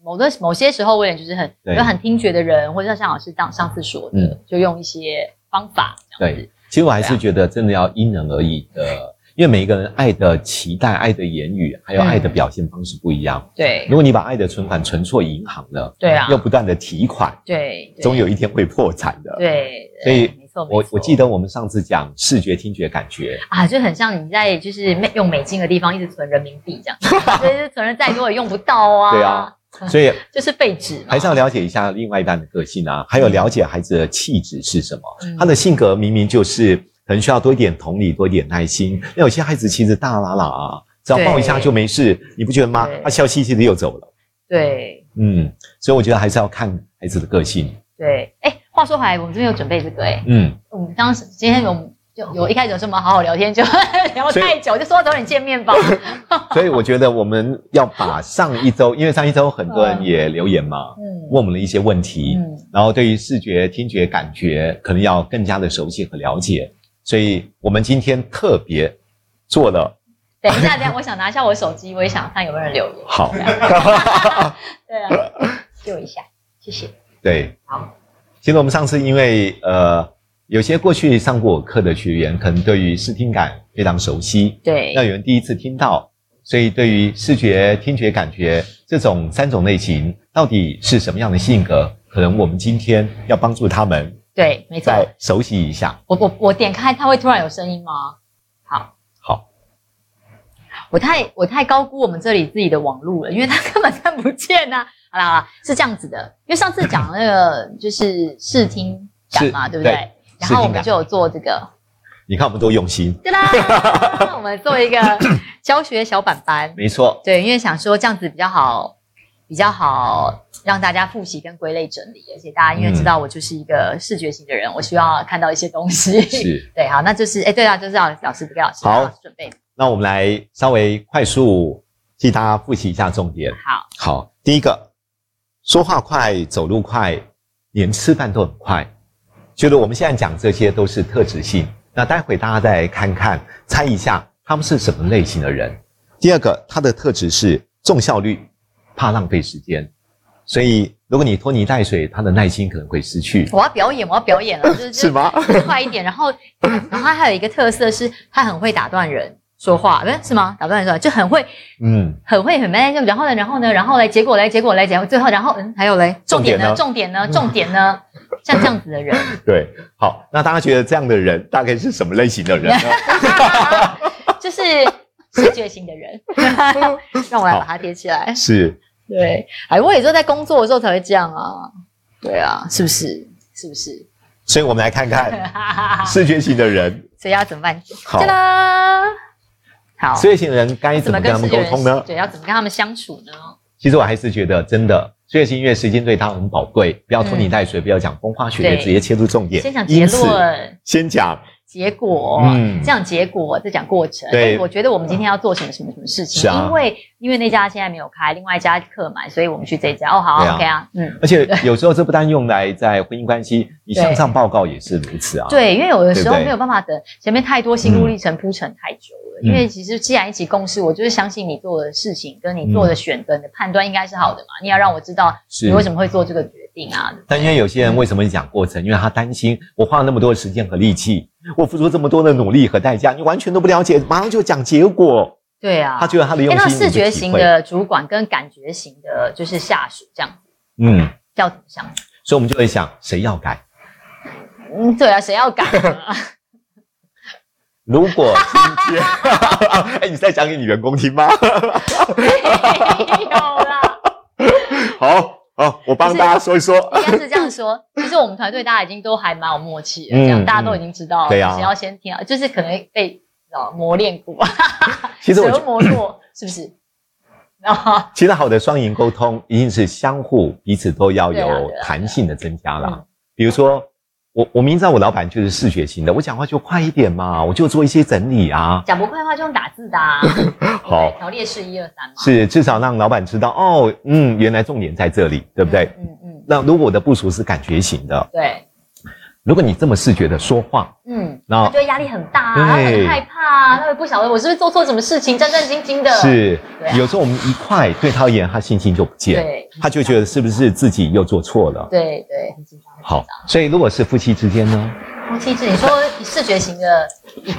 某個、嗯、某些時候，我也就是很有很聽覺的人，或者像老師當上次說的、嗯嗯，就用一些方法。對，其實我還是覺得真的要因人而異的。因為每一個人愛的期待、愛的言語，還有愛的表現方式不一樣。嗯、對，如果你把愛的存款存錯銀行了，對啊，又不斷的提款，對，對，終有一天會破產的。對，對，所以、哎、沒錯、我我記得我們上次講視覺、聽覺、感覺啊，就很像你在就是美用美金的地方一直存人民幣這樣，所 以存了再多也用不到啊。對啊，所以 就是廢紙嘛，還是要了解一下另外一半的個性啊，還有了解孩子的氣質是什麼，嗯、他的性格明明就是。可能需要多一點同理，多一點耐心。那有些孩子其實大喇喇、啊，只要抱一下就沒事，你不覺得嗎？他笑嘻嘻的又走了。對，嗯，所以我覺得還是要看孩子的個性。對，哎、欸，話說回來，我們這邊有準備這個哎、欸，嗯，我們當時今天我們就有就一開始這麼好好聊天，就聊太久，就說早點見面吧。 所以我覺得我們要把上一周，因為上一周很多人也留言嘛，嗯，問我們一些問題，嗯、然後對於視覺、聽覺、感覺，可能要更加的熟悉和了解。所以我們今天特別做了等。等一下，等下，我想拿一下我的手機，我也想看有沒有人留言。好， 對啊， 對啊借我一下，謝謝。對，好。其實我們上次因為呃，有些過去上過我課的學員，可能對於視聽感非常熟悉。對，那有人第一次聽到，所以對於視覺、聽覺、感覺這種三種類型，到底是什麼樣的性格，可能我們今天要幫助他們。對，沒錯。再熟悉一下。我我我點開，它會突然有聲音嗎？好，好。我太我太高估我們這裡自己的網絡了，因為它根本看不見吶、啊。好啦，好啦是這樣子的，因為上次講那個就是視聽感嘛，對不對,對？然後我們就有做這個。你看我們多用心。對啦，我們做一個教學小板板。沒錯。對，因為想說這樣子比較好。比較好讓大家復習跟歸類整理，而且大家因為知道我就是一個視覺型的人，嗯、我需要看到一些東西。是， 對，好，那就是，哎、欸，對啊，就是要表示不老師好給老師老師準備。那我們來稍微快速替、嗯、大家復習一下重點。好，好，第一個，說話快，走路快，連吃飯都很快，就是我們現在講這些都是特質性。那待會大家再看看，猜一下他們是什麼類型的人。第二個，他的特質是重效率。怕浪費時間，所以如果你拖泥帶水，他的耐心可能會失去。我要表演，我要表演了，就是，是嗎？快一點。然後他還有一個特色是，他很會打斷人說話，是嗎？打斷人說話就很會，嗯，很會很慢。然後呢，然後呢，然後來，結果來，結果來，結果，結果最後，然後嗯，還有嘞，重點呢，重點呢，重點呢、嗯，像這樣子的人。對，好，那大家覺得這樣的人大概是什麼類型的人呢？ 就是視覺型的人。 讓我來把它貼起來。是。對，哎，我也說在工作的時候才會這樣啊。對啊，是不是？是不是？所以，我們來看看視覺型的人， 所以要怎麼辦？好，好，視覺型的人該怎麼跟他們溝通呢？對，要怎麼跟他們相處呢？其實我還是覺得，真的，視覺型因為時間對他很寶貴，不要拖泥帶水，不要講風花雪月、嗯，直接切入重點。先講結論，先講。結果、嗯，這樣結果在講過程。我覺得我們今天要做什麼什麼什麼事情？啊、因為因為那家現在沒有開，另外一家客滿，所以我們去這家。哦，好啊，OK 啊，啊，嗯。而且有時候這不單用來在婚姻關係，你向上報告也是如此啊。對，因為有的時候沒有辦法等前面太多心路歷程鋪陳太久了、嗯。因為其實既然一起共事，我就是相信你做的事情跟你做的選擇，你的判斷應該是好的嘛、嗯。你要讓我知道你為什麼會做這個。決。定啊對對！但因為有些人為什麼講過程？嗯、因為他擔心，我花了那麼多的時間和力氣，我付出這麼多的努力和代價，你完全都不了解，馬上就講結果。對啊，他覺得他的用心。那視覺型的主管跟感覺型的，就是下屬這樣。嗯，叫什麼？所以我們就會想，誰要改？嗯，對啊，誰要改、啊？ 如果今天，哎、 欸，你再講給你員工聽吧。 沒有啦， 好。哦，我幫大家說一說。應該是這樣說， 其實我們團隊大家已經都還蠻有默契的，這樣、嗯、大家都已經知道了。嗯、對啊、誰要先聽啊？就是可能被啊磨練過，哈哈其實折磨過咳咳，是不是啊？其實好的雙贏溝通一定是相互彼此都要有彈性的增加啦、啊啊啊啊。比如說。我我明知道我老闆就是視覺型的，我講話就快一點嘛，我就做一些整理啊。講不快的話就用打字的啊。 例好，條列式一二三嘛。是，至少讓老闆知道哦，嗯，原來重點在這裡，對不對？嗯嗯，嗯。那如果我的部屬是感覺型的，對。如果你這麼視覺的說話，嗯，他就會壓力很大、啊對，他很害怕、啊，他會不曉得我是不是做錯什麼事情，戰戰兢兢的。是對、啊，有時候我們一塊對他而言，他心情就不見了，對，他就覺得是不是自己又做錯了？對對好，好，所以如果是夫妻之間呢？夫妻之間，你說視覺型的，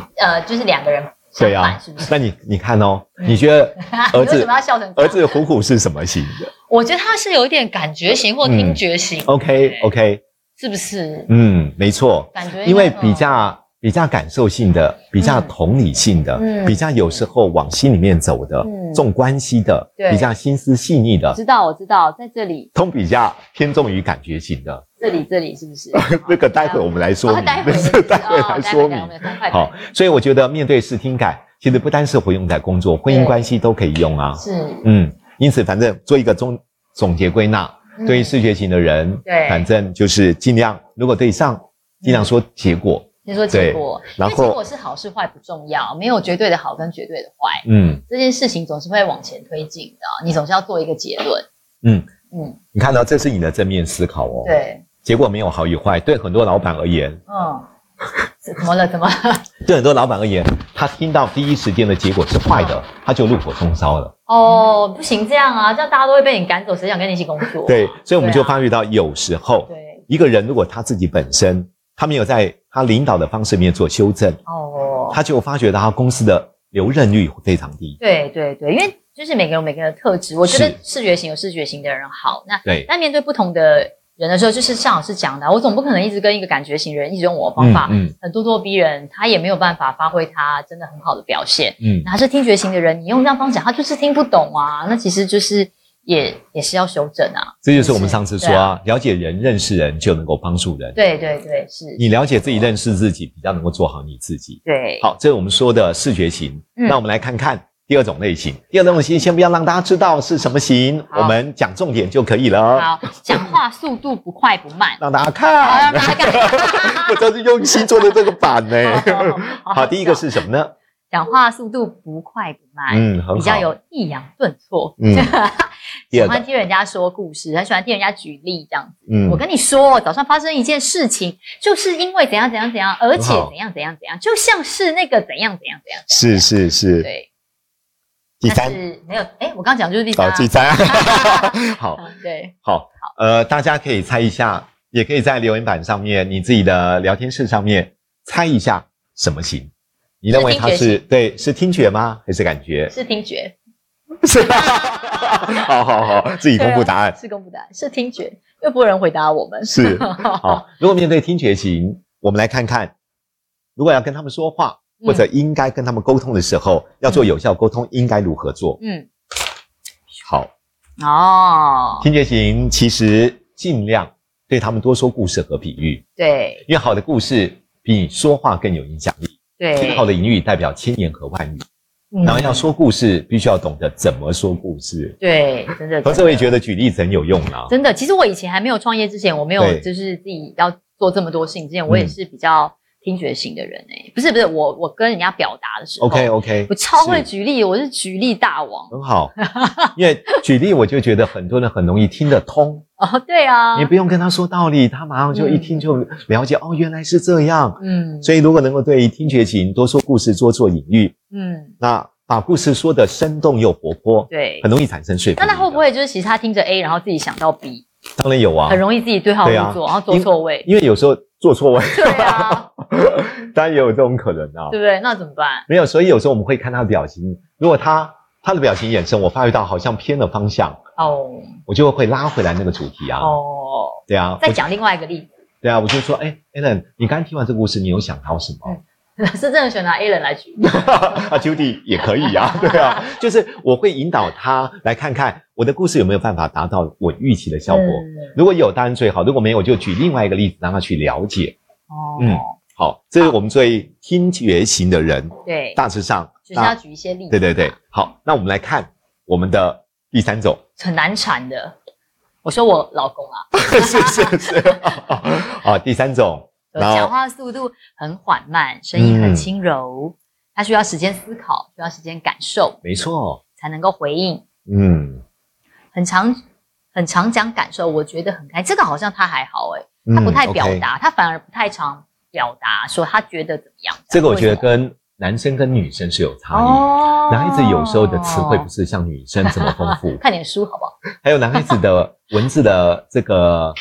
呃，就是兩個人相反，對啊、是是那你你看哦，你覺得兒子 你為什麼要笑成這樣？兒子虎虎是什麼型的？ 我覺得他是有一點感覺型或聽覺型、嗯。OK OK。是不是？嗯，沒錯，感覺也因為比較比較感受性的，比較同理性的，嗯、比較有時候往心裡面走的，嗯、重關係的對，比較心思細膩的。我知道，我知道，在這裡都比較偏重於感覺型的。這裡，這裡是不是？這 個待會我們來說明，哦、待會、就是、待會來說明。哦、好，所以我覺得面對視聽感，其實不單是會用在工作、婚姻關係都可以用啊。是，嗯，因此反正做一個總總結歸納。對於視覺型的人，嗯，對，反正就是盡量，如果對上，盡量說結果。先、嗯、說結果，然後結果是好是壞不重要，沒有絕對的好跟絕對的壞。嗯，這件事情總是會往前推進的，哦，你總是要做一個結論。嗯嗯，你看到這是你的正面思考哦。對，結果沒有好與壞，對很多老闆而言，嗯、哦。怎麼了？怎麼了？對很多老闆而言，他聽到第一時間的結果是壞的，哦、他就怒火中燒了。哦，不行這樣啊，這樣大家都會被你趕走，誰想跟你一起工作？對，所以我們就發覺到，有時候對、啊、對一個人，如果他自己本身他沒有在他領導的方式裡面做修正，哦，他就發覺到他公司的留任率非常低。對對對，因為就是每個人有每個人的特質，我覺得視覺型有視覺型的人好，那對，但面對不同的人的時候，就是像老師講的，我總不可能一直跟一個感覺型人一直用我的方法，嗯嗯、很咄咄逼人，他也沒有辦法發揮他真的很好的表現。嗯，他是聽覺型的人、啊，你用這樣方法講，他就是聽不懂啊。那其實就是也也是要修整啊。這就是我們上次說啊，啊了解人、認識人就能夠幫助人。對對對，是你了解自己、認識自己，比較能夠做好你自己。對，好，這是我們說的視覺型。嗯、那我們來看看。第二種類型，第二種類型，先不要讓大家知道是什麼型，我們講重點就可以了。好，講 話速度不快不慢，讓大家看， 讓大家看。 我真是用心做的這個版呢、欸。好，第一個是什麼呢？講話速度不快不慢，嗯，比較有抑揚頓挫，嗯、 喜歡聽人家說故事，很喜歡聽人家舉例這樣子、嗯。我跟你說，早上發生一件事情，就是因為怎樣怎樣怎樣，而且怎樣怎樣怎樣，就像是那個怎樣怎樣怎樣。是是是，對。第三，沒有，哎、欸，我剛講就是第三、啊。哦啊、 好，第三。好，對，好，呃，大家可以猜一下，也可以在留言板上面，你自己的聊天室上面猜一下什麼型。你認為他是，是對，是聽覺嗎？還是感覺？是聽覺。是吧。 好好好，自己公布答案、啊。是公布答案，是聽覺。又不會有人回答我們。 是，好，如果面對聽覺型，我們來看看，如果要跟他們說話。或者應該跟他們溝通的時候，嗯、要做有效溝通，嗯、應該如何做？嗯，好。哦，聽覺型其實盡量對他們多說故事和比喻。對，因為好的故事比你說話更有影響力。對，好的隱喻代表千言和萬語。嗯，然後要說故事，必須要懂得怎麼說故事。對，真的。可是我也覺得舉例子很有用啊。真的，其實我以前還沒有創業之前，我沒有就是自己要做這麼多事情之前，我也是比較、嗯。聽覺型的人哎、欸，不是不是，我我跟人家表達的時候，OK OK，我超會舉例，我是舉例大王，很好，因為舉例我就覺得很多人很容易聽得通 哦，對啊，你不用跟他說道理，他馬上就一聽就了解，嗯、哦，原來是這樣，嗯，所以如果能夠對於聽覺型多說故事，多做隱喻，嗯，那把故事說得生動又活潑，對，很容易產生說服。那他會不會就是其實他聽着 A，然後自己想到 B？當然有啊，很容易自己對號入座，然後做錯位因，因為有時候做錯位，對啊，當 然也有這種可能啊，對不對？那怎麼辦？沒有，所以有時候我們會看他的表情，如果他他的表情眼神，我發覺到好像偏了方向，哦、oh.，我就會拉回來那個主題啊，哦、oh.，對啊，再講另外一個例子，對啊，我就說，哎、欸、，Allen，你剛才聽完這個故事，你有想到什麼？是真的選擇 Allen 來舉，啊 Judy 也可以啊，對啊， 就是我會引導他來看看。我的故事有沒有辦法達到我預期的效果？嗯，如果有，當然最好；如果沒有，我就舉另外一個例子讓他去了解。哦，嗯，好，這是我們最聽覺型的人。啊、對，大致上就是要舉一些例子。對對對，好，那我們來看我們的第三種很難纏的。我說我老公啊，是 是 是，好、哦哦、第三種，講話速度很緩慢，聲音很輕柔，他、嗯、需要時間思考，需要時間感受，沒錯，才能夠回應。嗯。很常很常講感受，我覺得很開心。這個好像他還好哎、欸，他不太表達、嗯 okay，他反而不太常表達說他覺得怎麼樣。這個我覺得跟男生跟女生是有差異，哦、男孩子有時候的詞彙不是像女生這麼豐富、哦，看點書好不好？還有男孩子的文字的這個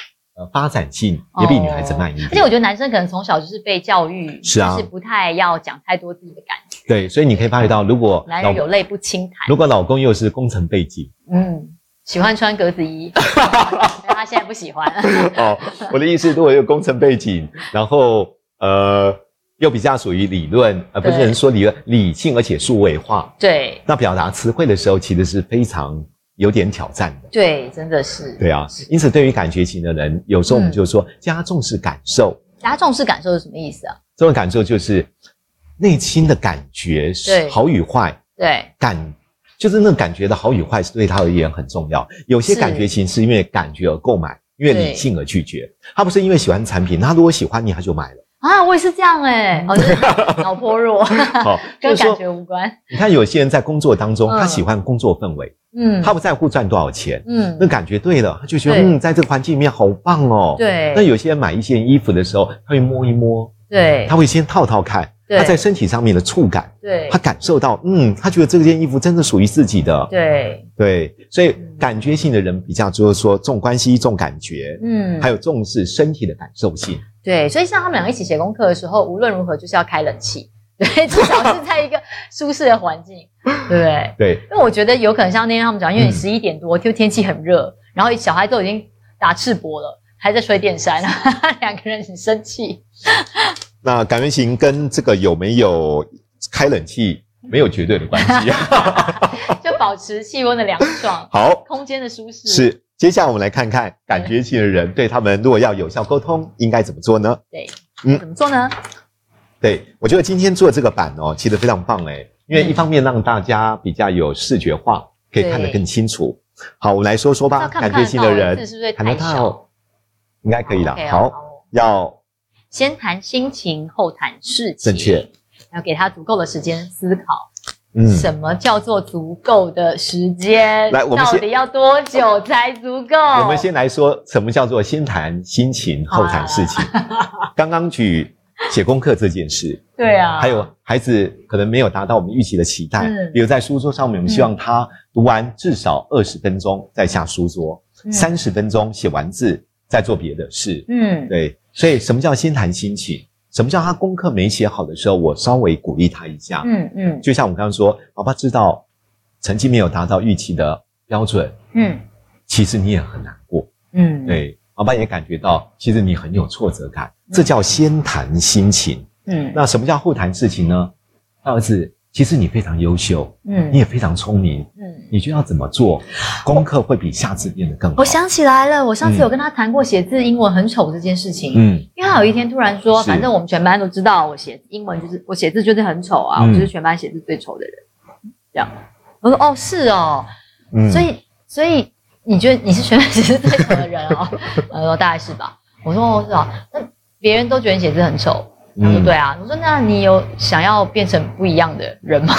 發展性也比女孩子慢一點。哦、而且我覺得男生可能從小就是被教育就是不太要講太多自己的感覺、是啊。對，所以你可以發覺到，如果男人有淚不輕彈，如果老公又是工程背景，嗯。喜歡穿格子衣，但、 嗯、他現在不喜歡。 哦，我的意思，如果有工程背景， 然後呃，又比較屬於理論，而不是人說理論理性，而且數位化。對。那表達詞彙的時候，其實是非常有點挑戰的。對，真的是。對啊，因此對於感覺型的人，有時候我們就說、嗯、加重視感受。加重視感受是什麼意思啊？這種感受就是內心的感覺，是好與壞。對。感。就是那個感覺的好與壞，是對他而言很重要。有些感覺型是因為感覺而購買，因為理性而拒絕。他不是因為喜歡產品，他如果喜歡你，他就買了。啊，我也是這樣哎、欸，好、嗯哦就是、 腦波弱，好跟感覺無關。就是、你看，有些人在工作當中，嗯、他喜歡工作氛圍，嗯，他不在乎賺多少錢，嗯，那感覺對了，他就覺得嗯，在這個環境裡面好棒哦。對。那有些人買一件衣服的時候，他會摸一摸，對，嗯、他會先套套看。對他在身體上面的觸感，對，他感受到，嗯，他覺得這件衣服真的屬於自己的，對，對，所以感覺性的人比較，就是說重關係、重感覺，嗯，還有重視身體的感受性，對，所以像他們兩個一起寫功課的時候，無論如何就是要開冷氣，對，至少是在一個舒適的環境，對 對。因為我覺得有可能像那天他們講，因為你十一點多就天氣很熱，然後小孩都已經打赤膊了，還在吹電扇，兩個人很生氣。那感覺型跟這個有沒有開冷氣沒有絕對的關係 就保持氣溫的涼爽， 好，空間的舒適。是，接下來我們來看看感覺型的人，對他們如果要有效溝通應該怎麼做呢？對，嗯，怎麼做呢、嗯？對，我覺得今天做這個版哦、喔，其實非常棒誒、欸、因為一方面讓大家比較有視覺化，可以看得更清楚。好，我們來說說吧，看看感覺型的人，感覺到,是是到應該可以啦。好，好 okay, 好好要。先談心情，後談事情。正確，然後給他足夠的時間思考。嗯，什麼叫做足夠的時間？來，我們先到底要多久才足夠？我們先來說，什麼叫做先談心情，後談事情？啊、剛剛舉寫功課這件事，對啊、嗯，還有孩子可能沒有達到我們預期的期待。嗯，比如在書桌上面，我們希望他讀完至少二十分鐘再下書桌，嗯、三十分鐘寫完字再做別的事。嗯，對。所以，什麼叫先談心情？什麼叫他功課沒寫好的時候，我稍微鼓勵他一下？嗯嗯，就像我們剛剛說，老爸知道成績沒有達到預期的標準，嗯，其實你也很難過，嗯，對，老爸也感覺到其實你很有挫折感，嗯，這叫先談心情。嗯，那什麼叫後談事情呢？兒子。其實你非常優秀，嗯，你也非常聰明，嗯，你覺得要怎麼做，功課會比下次變得更好？我想起來了，我上次有跟他談過寫字英文很醜這件事情，嗯，因為他有一天突然說，反正我們全班都知道我寫英文就是我寫字就是很醜啊、嗯，我就是全班寫字最醜的人，這樣，我說哦是哦，嗯、所以所以你覺得你是全班寫字最醜的人哦， 嗯、我說大概是吧，我說哦是啊，那別人都覺得你寫字很醜。他說：“對啊。”我說：“那你有想要變成不一樣的人嗎？”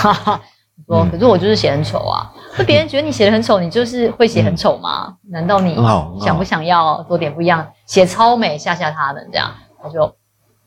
你說：“可是我就是寫很醜啊。那別人覺得你寫的很醜，你就是會寫很醜嗎？難道你想不想要多點不一樣，寫超美嚇嚇他們這樣？”他就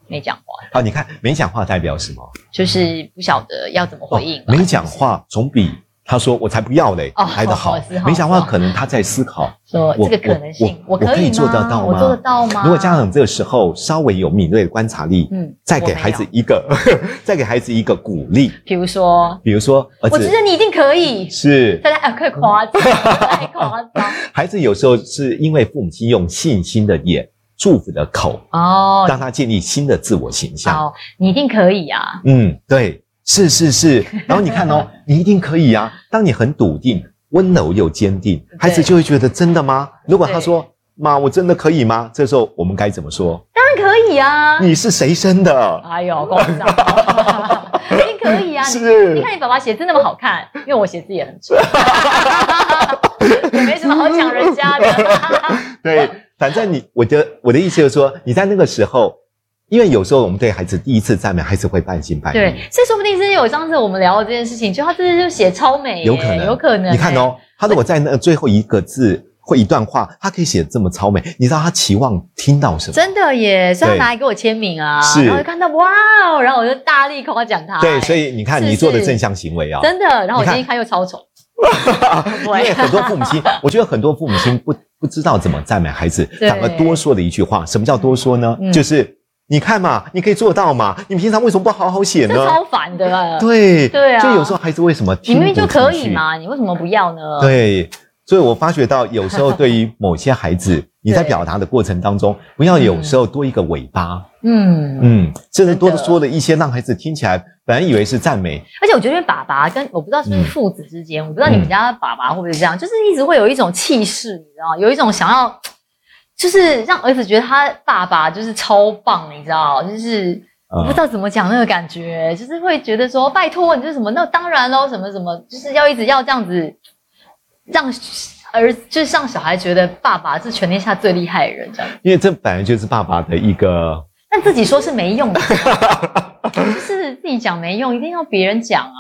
沒講話。好，你看沒講話代表什麼？就是不曉得要怎麼回應。沒講話總比。他說：“我才不要嘞！”哦、oh,，得好，沒想到可能他在思考。說這個可能性，我可以做得到嗎？我做得到嗎？如果家長這個時候稍微有敏銳的觀察力，嗯、再給孩子一個， 再給孩子一個鼓勵，比如說，比如說，我覺得你一定可以。是大家快誇張，太誇張。 孩子有時候是因為父母親用信心的眼、祝福的口，哦、oh,，讓他建立新的自我形象。Oh, 你一定可以啊！嗯，對。是是是，然後你看哦， 你一定可以啊！當你很篤定、溫柔又堅定，孩子就會覺得真的嗎？如果他說“媽，我真的可以嗎？”這時候我們該怎麼說？當然可以啊！你是誰生的？哎呦，工廠，哈哈哈哈哈，肯定可以啊！是，你你看你爸爸寫字那麼好看，因為我寫字 也很帥，哈哈哈哈哈哈，也沒什麼好搶人家的。 對，反正你，我的我的意思就是說，你在那個時候。因為有時候我們對孩子第一次讚美，孩子會半信半疑。對，所以說不定是因為上次我們聊的這件事情，就他這次就寫超美，欸，有可能，有可能。你看哦，他如果在那最後一個字，或一段話，他可以寫這麼超美。你知道他期望聽到什麼？真的耶，所以他拿來給我簽名啊。是，然後就看到哇哦，然後我就大力誇獎他，欸。對，所以你看你做的正向行為啊，是是真的。然後我今天看又超醜。因為 很多父母親， 我覺得很多父母親不 不知道怎麼讚美孩子，反而多說的一句話，什麼叫多說呢？嗯、就是。你看嘛，你可以做到嘛？你平常為什麼不好好寫呢？超煩的。對對啊，就有時候孩子為什麼聽不進去？明明就可以嘛，你為什麼不要呢？對，所以我發覺到有時候對於某些孩子，你在表達的過程當中，不要有時候多一個尾巴。嗯嗯，甚、嗯、至多說的一些，讓孩子聽起來本來以為是讚美。而且我覺得爸爸跟我不知道是不是父子之間、嗯，我不知道你們家的爸爸會不會這樣、嗯，就是一直會有一種氣勢，你知道，有一種想要。就是讓兒子覺得他爸爸就是超棒，你知道？就是不知道怎麼講那個感覺、嗯，就是會覺得說拜託，你是什麼？那當然嘍，什麼什麼，就是要一直要這樣子，讓兒子就是讓小孩覺得爸爸是全天下最厲害的人，這樣子。因為這本來就是爸爸的一個，但自己說是沒用的， 就是自己講沒用，一定要別人講啊。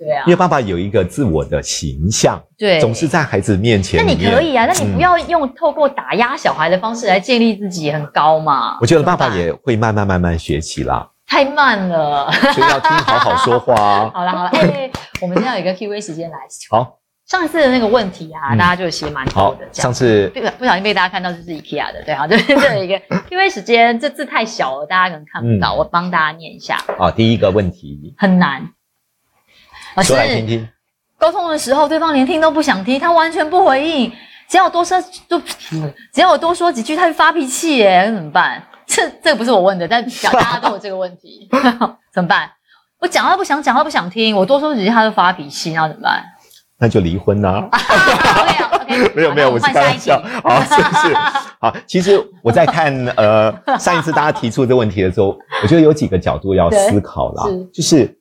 對啊，因為爸爸有一個自我的形象，對，總是在孩子面前面。那你可以啊、嗯，那你不要用透過打壓小孩的方式來建立自己很高嘛。我覺得爸爸對對也會慢慢慢慢學習啦。太慢了，所以要聽好好說話、啊 好啦。好了好了，哎、欸，我們現在有一個 Q A 時間來。好、哦，上次的那個問題啊，嗯、大家就寫蠻好的、哦。上次這個不小心被大家看到就是 IKEA 的對、啊，就是 IKEA 的對，好，就這一個 Q A 時間，這字太小了，大家可能看不到，嗯、我幫大家念一下。啊、哦，第一個問題很難。啊、說來聽聽溝通的時候，對方連聽都不想聽，他完全不回應，只要我多說，就只要我多說幾句，他就發脾氣、欸，哎，怎麼辦？這這不是我問的，但講大家都有這個問題， 怎麼辦？我講話不想講，講話不想聽，我多說幾句他就发脾氣那怎麼辦這這不是我問的但講大家都有這個問題怎麼辦我講話不想講講話不想聽我多說幾句他就发脾氣那怎麼辦？那就離婚啦、啊。 okay, okay, okay. 沒有沒有，我是開玩笑， 好是不是好。其實我在看呃， 上一次大家提出這問題的時候，我覺得有幾個角度要思考啦。就是。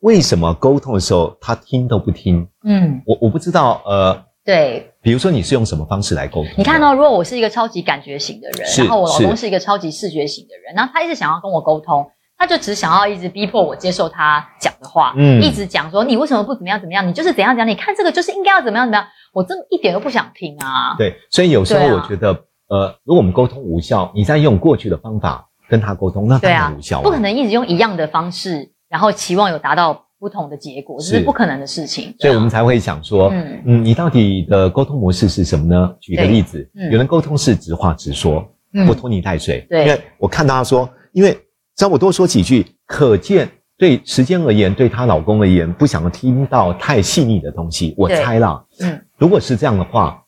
為什麼溝通的時候他聽都不聽？嗯，我我不知道。呃，對，比如說你是用什麼方式來溝通？你看到，如果我是一個超級感覺型的人，然後我老公是一個超級視覺型的人，然後他一直想要跟我溝通，他就只想要一直逼迫我接受他講的話，嗯，一直講說你為什麼不怎麼樣怎麼樣？你就是怎樣講怎樣？你看這個就是應該要怎麼樣怎麼樣？我這麼一點都不想聽啊！對，所以有時候我覺得，啊、呃，如果我們溝通無效，你再用過去的方法跟他溝通，那更無效、啊啊。不可能一直用一樣的方式。然後期望有達到不同的結果，這是，是不可能的事情，所以我們才會想說，嗯，嗯，你到底的溝通模式是什麼呢？舉個例子，嗯，有人溝通是直話直說，不拖泥帶水、嗯。因為我看到他說，因為只要我多說幾句，可見對時間而言，對她老公而言，不想聽到太細膩的東西。我猜啦，嗯，如果是這樣的話，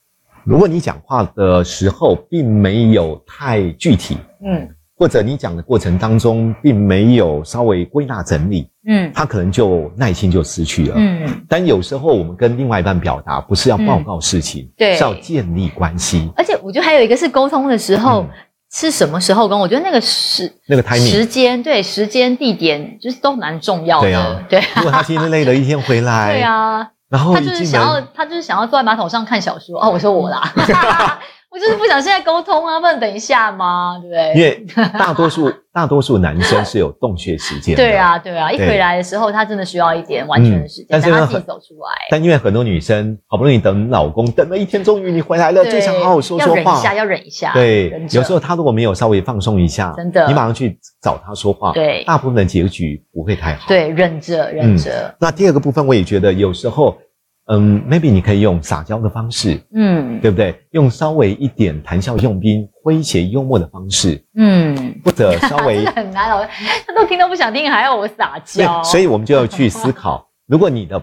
如果你講話的時候並沒有太具體，嗯。或者你講的過程當中，並沒有稍微歸納整理，嗯，他可能就耐心就失去了，嗯。但有時候我們跟另外一半表達，不是要報告事情，嗯、對，是要建立關係。而且我覺得還有一個是溝通的時候、嗯，是什麼時候跟我，我覺得那個時那個 timing，時間對，時間地點就是都蠻重要的，對啊，對啊。對啊、如果他今天累了一天回來，對啊。然後一他就是想要，他就是想要坐在馬桶上看小說。哦，我說我啦。 我就是不想現在溝通啊，不能等一下嗎？對不對？因為大多數大多數男生是有洞穴時間的 對、啊。對啊，對啊，一回來的時候他真的需要一點完全的時間，嗯、但是很讓他自己走出來。但因為很多女生好不容易等老公等了一天，終於你回來了，就想好好說說話，要忍一下，要忍一下。對忍，有時候他如果沒有稍微放鬆一下，真的，你馬上去找他說話，對，大部分的結局不會太好。對，忍着，忍着。嗯、那第二個部分，我也覺得有時候。嗯，um，maybe 你可以用撒嬌的方式，嗯，對不對？用稍微一點談笑用兵，詼諧幽默的方式，嗯，或者稍微哈哈很難，哦，他都聽都不想聽，還要我撒嬌。對，所以我們就要去思考，如果你的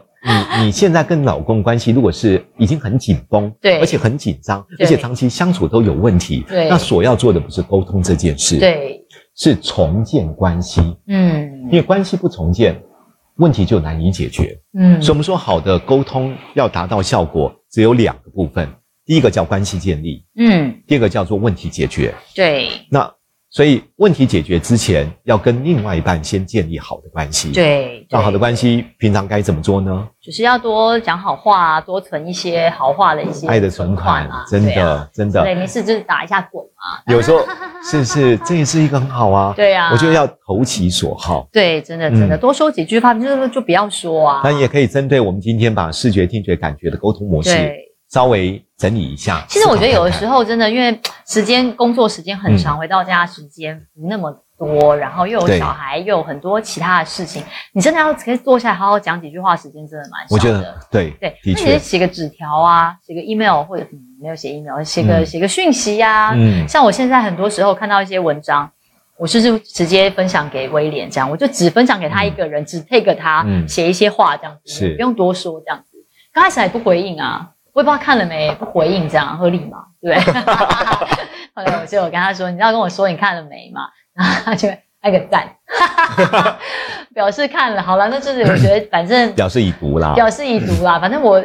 你你現在跟老公關係，如果是已經很緊繃，對，而且很緊張，而且長期相處都有問題，對，那所要做的不是溝通這件事，對，是重建關係，嗯，因為關係不重建。問題就難以解決，嗯，所以我們說，好的溝通要達到效果，只有兩個部分，第一個叫關係建立，嗯，第二個叫做問題解決，對，那。所以問題解決之前，要跟另外一半先建立好的關係。對，那好的關係，平常該怎麼做呢？就是要多講好話啊，多存一些好話的一些、啊、愛的存款，真的、啊、真的，真的。對，沒事就是打一下滾嘛。有時候 是不是，這也是一個很好啊。對啊，我覺得要投其所好。對，真的真的、嗯，多說幾句話，就是就不要說啊。那也可以針對我們今天把視覺、聽覺、感覺的溝通模式。對。稍微整理一下，其實我覺得有的時候真的，因為時間工作時間很長，嗯、回到家時間不那麼多，然後又有小孩，又有很多其他的事情，你真的要可以坐下來好好講幾句話，時間真的蠻少的。我覺得對對，那你是寫個紙條啊，寫個 email 或者、嗯、沒有寫 email，寫個、嗯、寫個訊息呀、啊。嗯，像我現在很多時候看到一些文章，我就是，是直接分享給威廉這樣，我就只分享給他一個人，嗯、只配個他寫一些話這樣、嗯、這樣子，不用多說這樣子。剛開始還不回應啊。我也不知道看了沒，不回應這樣合理嗎？對不對？ 後來我就跟他說：“你知道跟我說你看了沒嗎？”然後他就按個贊， 表示看了。好了，那就是我覺得反正表示已讀啦，表示已讀啦。反正我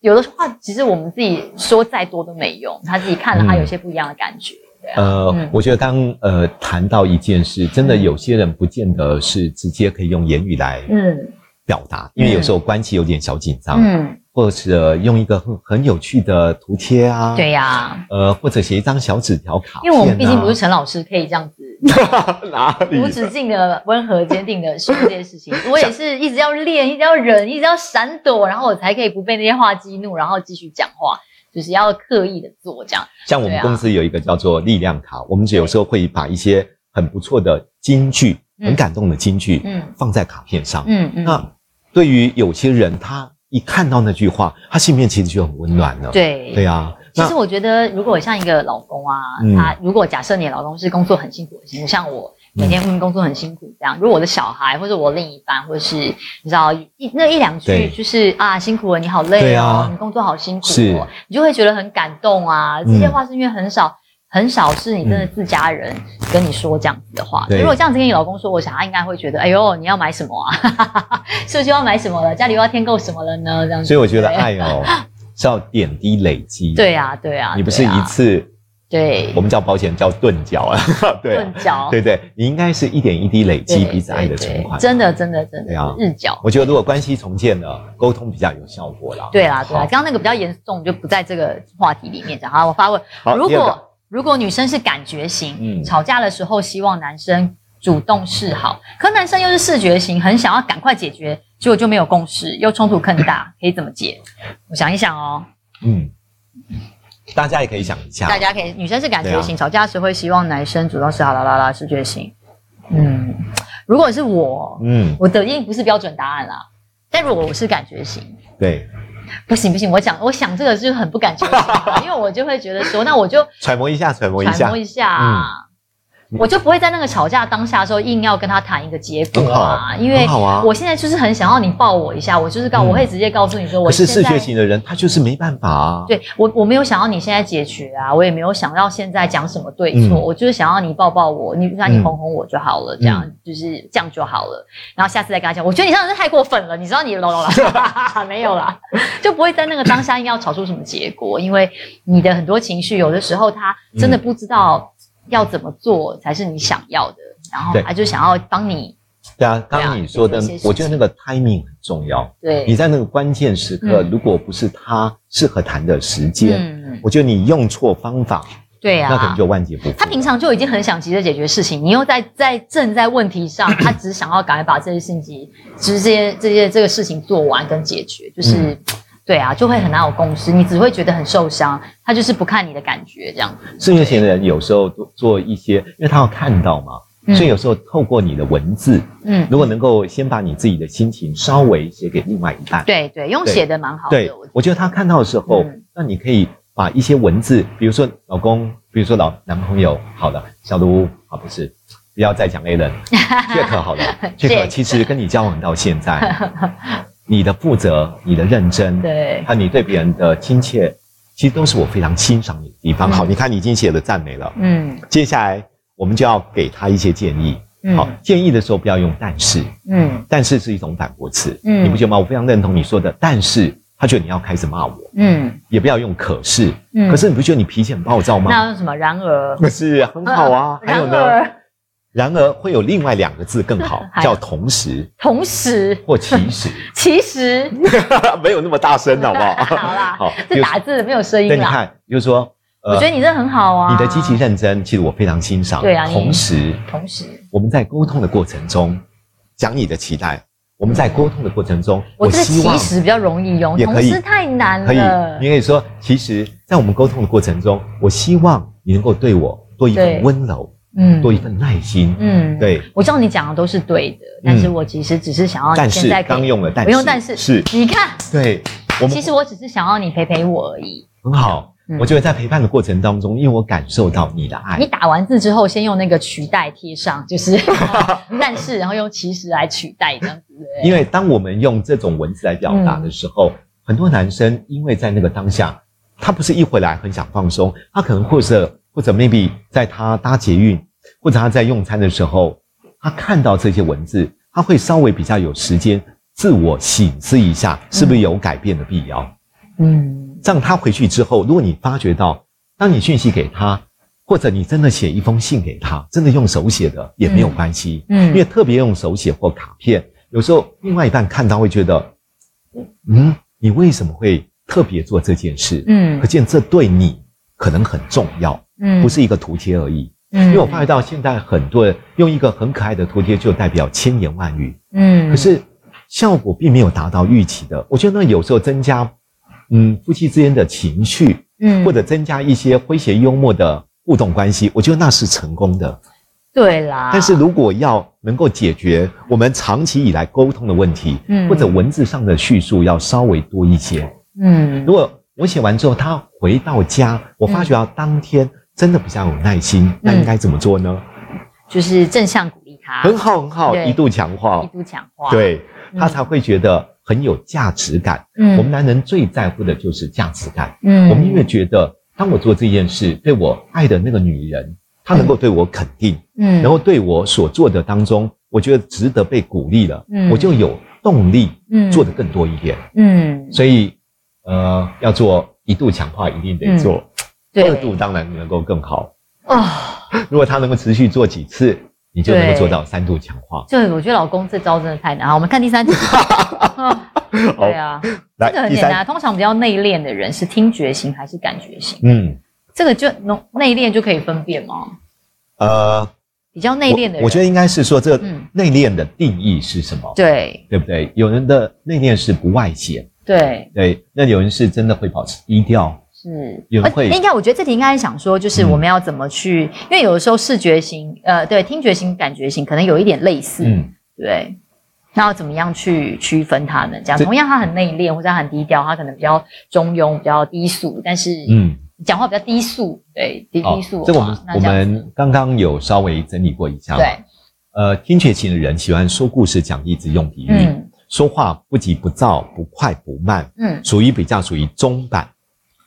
有的話，其實我們自己說再多都沒用。他自己看了，他有些不一樣的感覺。嗯啊、呃、嗯，我覺得當呃談到一件事，真的有些人不見得是直接可以用言語來表達嗯表達，因為有時候關係有點小緊張嗯。嗯。或者用一個很，很有趣的圖貼啊，對呀、啊，呃，或者寫一張小紙條卡、啊，因為我們畢竟不是陳老師，可以這樣子 哪裡、啊、無止境的溫和堅定的說這件事情。我也是一直要練，一直要忍，一直要閃躲，然後我才可以不被那些話激怒，然後繼續講話。就是要刻意的做這樣。像我們公司有一個叫做“力量卡”，啊、我們只有時候會把一些很不錯的金句、很感動的金句，嗯，放在卡片上，嗯嗯，嗯。那對於有些人，他。一看到那句話，他心裡面其實就很溫暖了。對對啊，其實我覺得，如果像一個老公啊，嗯、他如果假設你的老公是工作很辛苦型，像我每天工作很辛苦這樣，嗯、如果我的小孩或者我另一半，或者是你知道一那一兩句，就是啊，辛苦了，你好累，哦、對啊。你工作好辛苦，哦，你就會覺得很感動啊。這些話是因為很少。嗯很少是你真的自家人，嗯、跟你說這樣子的話。對。如果這樣子跟你老公說，我想他應該會覺得，哎呦，你要買什麼啊？ 是不是要買什麼了？家裡又要添購什麼了呢？這樣子。所以我覺得愛哦 是要點滴累積。對啊對啊，對啊，你不是一次。對、啊對、啊對。我們叫保險叫躉繳啊。躉 繳、啊。頓。對，對對，你應該是一點一滴累積彼此愛的存款對對對。真的，真的，真的。啊、日繳。我覺得如果關係重建了，溝通比較有效果啦。對啦、啊，對啦、啊。剛剛、啊啊、那個比較嚴重，就不在這個話題裡面講。好，我發問。好。如果如果女生是感覺型、嗯，吵架的時候希望男生主動示好，嗯、可男生又是視覺型，很想要趕快解決，結果就沒有共識，又衝突更大，可以怎麼解？我想一想哦，嗯，大家也可以想一下，大家可以，女生是感覺型，啊、吵架時會希望男生主動示好，啦啦啦，視覺型，嗯，如果是我，嗯，我的一定不是標準答案啦，但如果我是感覺型，對。不行不行，我講，我想這個就是很不敢講、啊， 因為我就會覺得說，那我就揣摩一下，揣摩一下，揣摩一下。嗯我就不會在那個吵架當下的時候硬要跟他談一個結果嘛、啊，因為我現在就是很想要你抱我一下，我就是告，嗯、我會直接告訴你說我現在，我是視覺型的人，他就是沒辦法啊。對我，我沒有想要你現在解決啊，我也沒有想要現在講什麼對錯，嗯，我就是想要你抱抱我，你讓、嗯、你哄哄我就好了，這樣、嗯、就是這樣就好了。然後下次再跟他講，我覺得你上次是太過分了，你知道你嘍嘍啦， 沒有啦，就不會在那個當下硬要吵出什麼結果，因為你的很多情緒有的時候他真的不知道，嗯。嗯要怎麼做才是你想要的？然後他就想要幫你。對啊，剛剛你說的，啊、我覺得那個 timing 很重要。對，你在那個關鍵時刻，嗯、如果不是他適合談的時間、嗯，我覺得你用錯方法，對啊，那可能就萬劫不復。他平常就已經很想急着解決事情，你又在在，在正在問題上，他只想要趕快把這些事情直接這些這個事情做完跟解決，就是。嗯對啊，就會很難有共識、嗯，你只會覺得很受傷。他就是不看你的感覺這樣子。視覺型的人有時候做做一些，因為他要看到嘛、嗯，所以有時候透過你的文字，嗯，如果能夠先把你自己的心情稍微寫給另外一半，嗯、對對，用寫的蠻好的對對。對，我覺得他看到的時候、嗯，那你可以把一些文字，比如說老公，比如說老男朋友，好的，小盧啊，好不是，不要再講艾倫，傑克，好的，傑克，其實跟你交往到現在。 你的負責，你的認真，對，和你對別人的親切，其實都是我非常欣賞你的地方，嗯，好，你看你已經寫了讚美了，嗯，接下來我們就要給他一些建議，嗯，好，建議的時候不要用但是，嗯，但是是一種反駁詞，嗯，你不覺得嗎？我非常認同你說的，但是他覺得你要開始罵我，嗯，也不要用可是，嗯，可是你不覺得你脾氣很暴躁嗎？那用什麼？然而，不是很好啊，還有呢？然而會有另外兩個字更好，叫同時，同時或其實，其實 沒有那麼大聲，好不好？好啦好，就是，這打字沒有聲音。那你看，就是說、呃，我覺得你這很好啊，你的積極認真，其實我非常欣賞。對啊，同時，同時，我們在溝通的過程中講、嗯、你的期待，我們在溝通的過程中，我希望其實比較容易用，也可以同時太難了，可以，你可以說，其實，在我們溝通的過程中，我希望你能夠對我多一份溫柔。嗯，多一份耐心。嗯，對，我知道你講的都是對的、嗯，但是我其實只是想要你在。用但是剛用了，不用但是。是，你看，對，其實我只是想要你陪陪我而已。很好、嗯，我覺得在陪伴的過程當中，因為我感受到你的愛。你打完字之後，先用那個取代貼上，就是 但是，然後用其實來取代這樣子。因為當我們用這種文字來表達的時候、嗯，很多男生因為在那個當下，他不是一回來很想放鬆，他可能或者是。或者 maybe 在他搭捷運，或者他在用餐的時候，他看到這些文字，他會稍微比較有時間自我省思一下，是不是有改變的必要。嗯，嗯，這樣他回去之後，如果你發覺到，當你訊息給他，或者你真的寫一封信給他，真的用手寫的也沒有關係。嗯，嗯，因為特別用手寫或卡片，有時候另外一半看到會覺得，嗯，你為什麼會特別做這件事？嗯，可見這對你。可能很重要，嗯，不是一個圖貼而已。嗯，嗯，因為我發覺到現在很多人用一個很可愛的圖貼就代表千言萬語，嗯，可是效果並沒有達到預期的。我覺得那有時候增加，嗯，夫妻之間的情緒，嗯，或者增加一些詼諧幽默的互動關係，我覺得那是成功的，對啦。但是如果要能夠解決我們長期以來溝通的問題，嗯，或者文字上的敘述要稍微多一些，嗯，如果。我寫完之後，他回到家，我發覺到當天真的比較有耐心。嗯，那應該怎麼做呢？就是正向鼓勵他，很好，很好，一度強化，一度強化，對，他才會覺得很有價值感。嗯。我們男人最在乎的就是價值感。嗯，我們因為覺得，當我做這件事，對我愛的那個女人，她能夠對我肯定，嗯，然後對我所做的當中，我覺得值得被鼓勵了，嗯，我就有動力，嗯，做得更多一點，嗯，嗯，所以。呃，要做一度強化，一定得做、嗯，對；二度當然能夠更好。哦，如果他能夠持續做幾次，你就能夠做到三度強化。對，對我覺得老公這招真的太難。我們看第三題 、啊。對啊，真、哦、的、這個、很簡單、啊。通常比較內斂的人是聽覺型還是感覺型？嗯，這個就內內斂就可以分辨嗎？呃，比較內斂的人我，我覺得應該是說這內斂的定義是什麼？嗯、對，對不對？有人的內斂是不外顯。對對，那有人是真的會保持低調，是有人會。應該我覺得這題應該是想說，就是我們要怎麼去、嗯，因為有的時候視覺型、呃，對，聽覺型、感覺型可能有一點類似，嗯、對。那要怎麼樣去區分它呢這樣，這同樣他很內斂或者很低調，他可能比較中庸、比較低俗，但是嗯，講話比較低俗，對，哦、低低俗、哦。這我們這我們剛剛有稍微整理過一下，對。呃，聽覺型的人喜歡說故事、講例子、用比喻。嗯說話不急不躁，不快不慢，嗯，屬於比較屬於中版，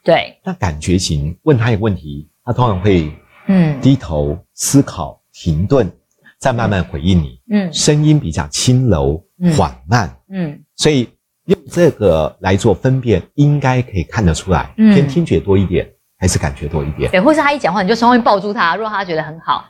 對。那感覺型，問他一個問題，他通常會，嗯，低頭思考停頓，停、嗯、頓，再慢慢回應你，嗯，聲音比較輕柔，緩、嗯、慢嗯，嗯。所以用這個來做分辨，應該可以看得出來，偏聽覺多一點、嗯、還是感覺多一點？對，或是他一講話，你就稍微抱住他。如果他覺得很好，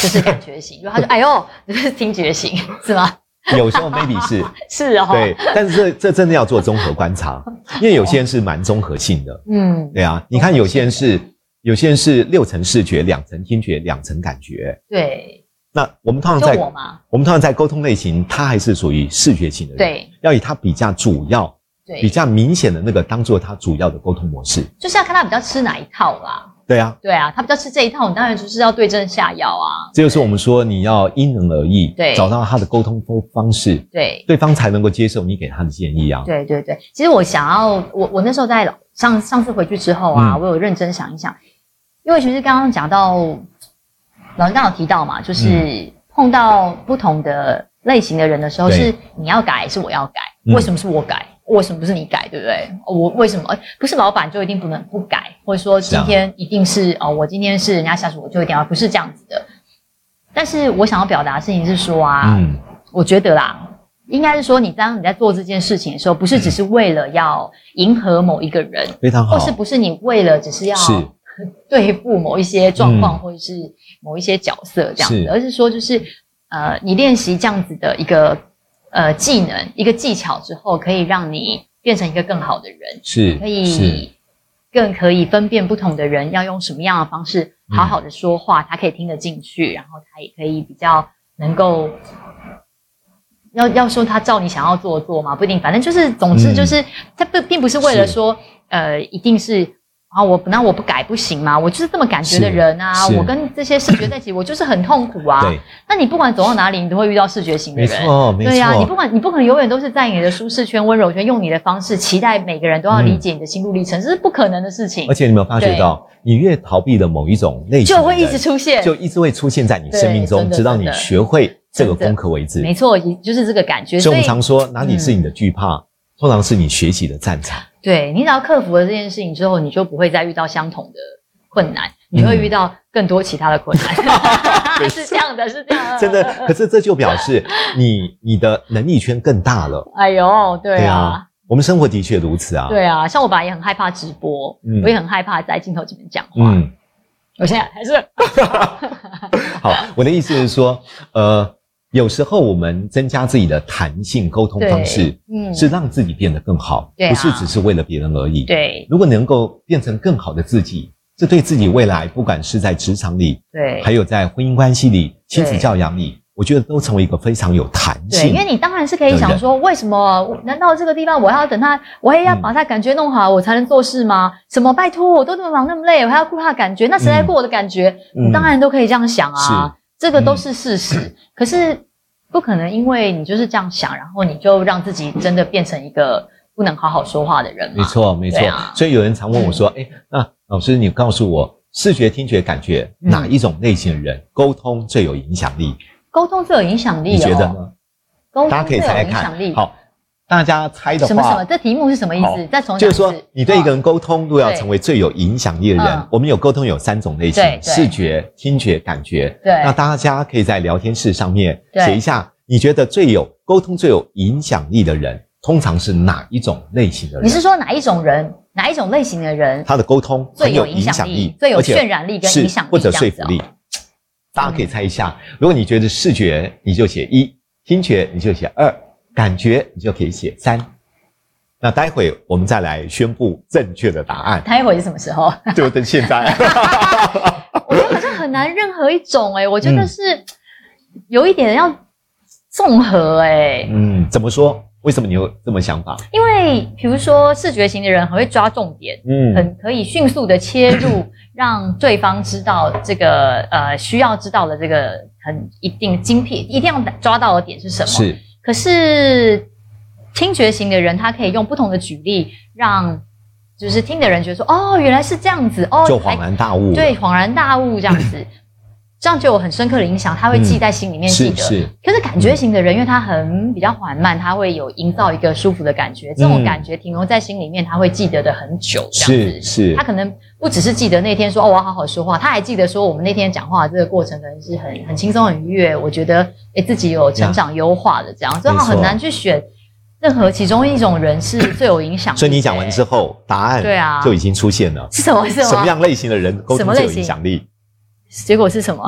就是感覺型； 如果他說“哎喲”，就是聽覺型，是嗎？ 有時候 maybe 是 是哦，對，但是這這真的要做綜合觀察， 因為有些人是蠻綜合性的，嗯，對啊，你看有些人是有些人是六層視覺、兩層聽覺、兩層感覺，對，那我們通常在我,我們通常在溝通類型，他還是屬於視覺型的人，對，要以他比較主要、對比較明顯的那個當做他主要的溝通模式，就是要看他比較吃哪一套啦。對啊，對啊，他比較吃這一套，你當然就是要對症下藥啊。這就是我們說你要因人而異，對，找到他的溝通方方式，對，對方才能夠接受你給他的建議啊。對對對，其實我想要，我我那時候在上上次回去之後啊，我有認真想一想，嗯、因為其實剛剛講到，老師剛好提到嘛，就是碰到不同的類型的人的時候是，是你要改，還是我要改、嗯，為什麼是我改？為什麼不是你改？對不對？我為什麼不是老闆就一定不能不改？或者說今天一定是，是、啊、哦？我今天是人家下屬，我就一定要不是這樣子的。但是我想要表達的事情是說啊，嗯、我覺得啦，應該是說你當你在做這件事情的時候，不是只是為了要迎合某一個人，非常好，或是不是你為了只是要對付某一些狀況、嗯，或者是某一些角色這樣子的，子而是說就是呃，你練習這樣子的一個。呃，技能一個技巧之後，可以讓你變成一個更好的人，是可以更可以分辨不同的人要用什麼樣的方式好好的說話，嗯、他可以聽得進去，然後他也可以比較能夠要，要要說他照你想要做做嘛，不一定，反正就是，總之就是，嗯、他不並不是為了說，呃，一定是。啊，我那我不改，不行嗎？我就是這麼感覺的人啊！我跟這些視覺在一起，我就是很痛苦啊。那你不管走到哪裡，你都會遇到視覺型的人，沒錯，對呀、啊。你不管你不可能永遠都是在你的舒適圈、溫柔圈，用你的方式期待每個人都要理解你的心路歷程、嗯，這是不可能的事情。而且你有沒有發覺到，你越逃避了某一種類型，就會一直出現，就一直會出現在你生命中，直到你學會這個功課為止。沒錯，就是這個感覺。所以我們常說，嗯、哪裡是你的懼怕，通常是你學習的戰場。對，你只要克服了這件事情之後，你就不會再遇到相同的困難，你就會遇到更多其他的困難，嗯、 是這樣的，是這樣的，真的。可是這就表示你 你的能力圈更大了。哎呦對、啊，對啊，我們生活的確如此啊。對啊，像我本來也很害怕直播，嗯、我也很害怕在鏡頭前面講話。嗯、我現在還是 好。我的意思是說， 呃。有時候我們增加自己的彈性溝通方式，嗯，是讓自己變得更好，對啊、不是只是為了別人而已。對，如果能夠變成更好的自己，這對自己未來，不管是在職場裡，對，還有在婚姻關係裡、親子教養裡，我覺得都成為一個非常有彈性。因為你當然是可以想說，為什麼？難道這個地方我還要等他，我也要把他感覺弄好、嗯，我才能做事嗎？什麼拜託，我都這麼忙那麼累，我還要顧他感覺？那誰來顧我的感覺？嗯、當然都可以這樣想啊。是這個都是事實，嗯、可是不可能，因為你就是這樣想，嗯，然後你就讓自己真的變成一個不能好好說話的人嘛。沒錯，沒錯、啊。所以有人常問我說：“哎、嗯，那、啊、老師，你告訴我，視覺、聽覺、感覺哪一種類型的人溝通最有影響力？嗯、溝通最有影響力？你覺得呢？溝通最有影響力。大家可以猜猜看，好。大家猜的話，什麼什麼？這題目是什麼意思？再重新。就是說，你對一個人溝通，都要成為最有影響力的人，我們有溝通有三種類型：視覺、聽覺、感覺。對。那大家可以在聊天室上面寫一下，你覺得最有溝通、最有影響力的人，通常是哪一種類型的人？你是說哪一種人？哪一種類型的人？他的溝通最有影響力，最有渲染力跟影響力，或者說服力、哦。大家可以猜一下，嗯、如果你覺得視覺，你就寫一；聽覺，你就寫二。感覺你就可以寫三，那待會我們再來宣布正確的答案。待會是什麼時候？就 等現在。 我覺得好像很難，任何一種誒、欸、我覺得是有一點要綜合誒、欸、嗯，怎麼說？為什麼你有這麼想法？因為比如說視覺型的人很會抓重點，嗯，很可以迅速的切入， 讓對方知道這個呃需要知道的這個很一定精闢，一定要抓到的點是什麼？是。可是，聽覺型的人他可以用不同的舉例，讓就是聽的人覺得說：“哦，原來是這樣子哦。”就恍然大悟。對，恍然大悟這樣子。 這樣就有很深刻的影響，他會記在心裡面，記得、嗯，是是。可是感覺型的人，嗯、因為他很比較緩慢，他會有營造一個舒服的感覺、嗯，這種感覺停留在心裡面，他會記得的很久這樣子。是是，他可能不只是記得那天說哦，我要好好說話，他還記得說我們那天講話的這個過程，可能是很很輕鬆很愉悅。我覺得誒、欸、自己有成長優化的這樣，這樣所以他很難去選任何其中一種人是最有影響力、欸。所以你講完之後，答案對啊，就已經出現了，啊、是什麼什麼，什麼樣類型的人溝通最有影響力？結果是什麼？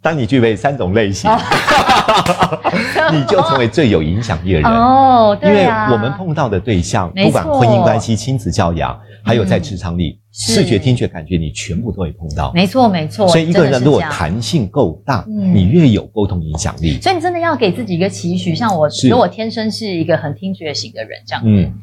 當你具備三種類型， 你就成為最有影響力的人哦。Oh, 對啊，因為我們碰到的對象，不管婚姻關係、親子教養，嗯、還有在職場裡，視覺、聽覺、感覺，你全部都會碰到。沒錯，沒錯。所以一個人如果彈性夠大，嗯、你越有溝通影響力。所以你真的要給自己一個期許，像我，如果我天生是一個很聽覺型的人，這樣子。子、嗯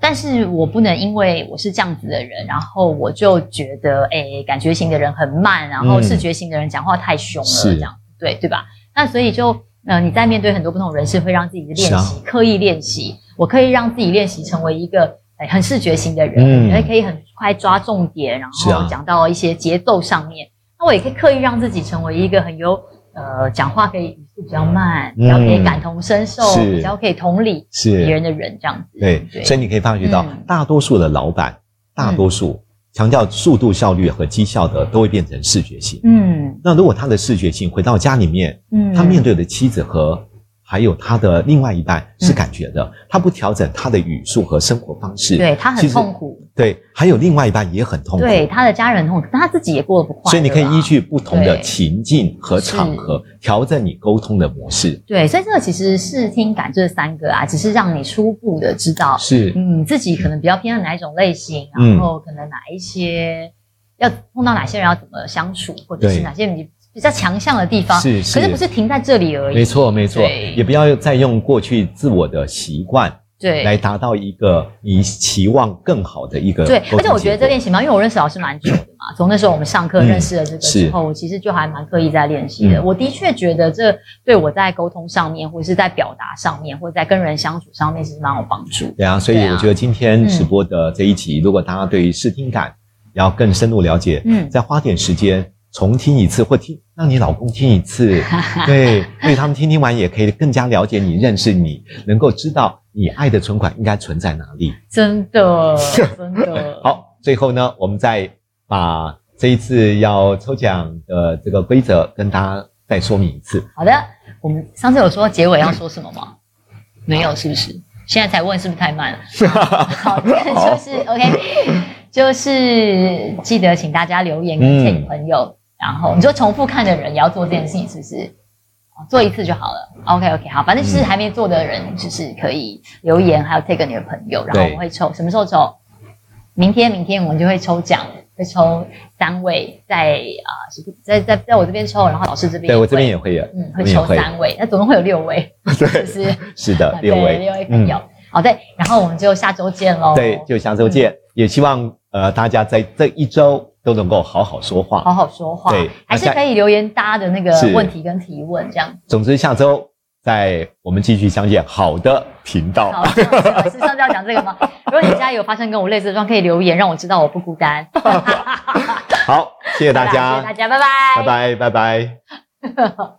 但是我不能因為我是這樣子的人，然後我就覺得，哎、欸，感覺型的人很慢，然後視覺型的人講話太凶了，這樣子、嗯、是，對，對吧？那所以就，呃，你在面對很多不同人士，會讓自己練習、啊、刻意練習，我可以讓自己練習成為一個，哎、欸，很視覺型的人，也、嗯、可以很快抓重點，然後講到一些節奏上面、啊。那我也可以刻意讓自己成為一個很有，呃，講話可以。比較慢，然、嗯、後可以感同身受，比較可以同理別人的人這樣子。對所，所以你可以發覺到、嗯，大多數的老闆，大多數強調速度、效率和績效的、嗯，都會變成視覺型。嗯，那如果他的視覺型回到家裡面，嗯、他面對的妻子和，還有他的另外一半是感覺的，嗯、他不調整他的語速和生活方式，對，他很痛苦。對，還有另外一半也很痛苦，對，他的家人痛苦，但他自己也過得不快。所以你可以依據不同的情境和場合調整你溝通的模式。對，所以這個其實視聽感這三個啊，只是讓你初步的知道是、嗯、你自己可能比較偏向哪一種類型、嗯，然後可能哪一些要碰到哪些人要怎麼相處，或者是哪些人你。比較強項的地方是、是，可是不是停在這裡而已？沒錯，沒錯，也不要再用過去自我的習慣對來達到一個你期望更好的一個對。而且我覺得這練習嘛，因為我認識老師蠻久的嘛，從 那時候我們上課認識了這個之後我其實就還蠻刻意在練習的、嗯。我的確覺得這對我在溝通上面，或者是在表達上面，或者在跟人相處上面，其實蠻有幫助。對啊，所以我覺得今天直播的這一集，嗯、如果大家對於視聽感要更深入了解，嗯，再花點時間。重聽一次，或聽讓你老公聽一次， 對，為他們聽，聽完也可以更加了解你， 認識你，能夠知道你愛的存款應該存在哪裡。真的，真的。 好，最後呢，我們再把這一次要抽獎的這個規則跟大家再說明一次。好的，我們上次有說結尾要說什麼嗎？嗯、沒有，是不是、啊？現在才問是不是太慢了？ 好，就是 OK，就是記得請大家留言跟朋友、嗯。然後你就重複看的人也要做這件事情，是不是？做一次就好了。OK OK，好，反正就是還沒做的人，就是可以留言，嗯、還有 take 你的朋友，然後我們會抽，什麼時候抽？明天，明天我們就會抽獎，會抽三位在啊，在、呃、在在，在，在我這邊抽，然後老師這邊也會對我這邊也會有、嗯，嗯，會抽三位，那總共會有六位，對就是是的 對，六位，嗯、六位朋友、哦、好，對，然後我們就下周見嘍。對，就下周見，嗯、也希望呃大家在這一周。都能夠好好說話，好好說話，對，還是可以留言大家的那個問題跟提問這樣。總之下周再我們繼續相見，好的頻道。好，是上次要講這個嗎？如果你家有發生跟我類似的狀況，可以留言讓我知道，我不孤單。 好，謝謝大家，拜拜，謝謝大家，拜拜，拜拜，拜拜。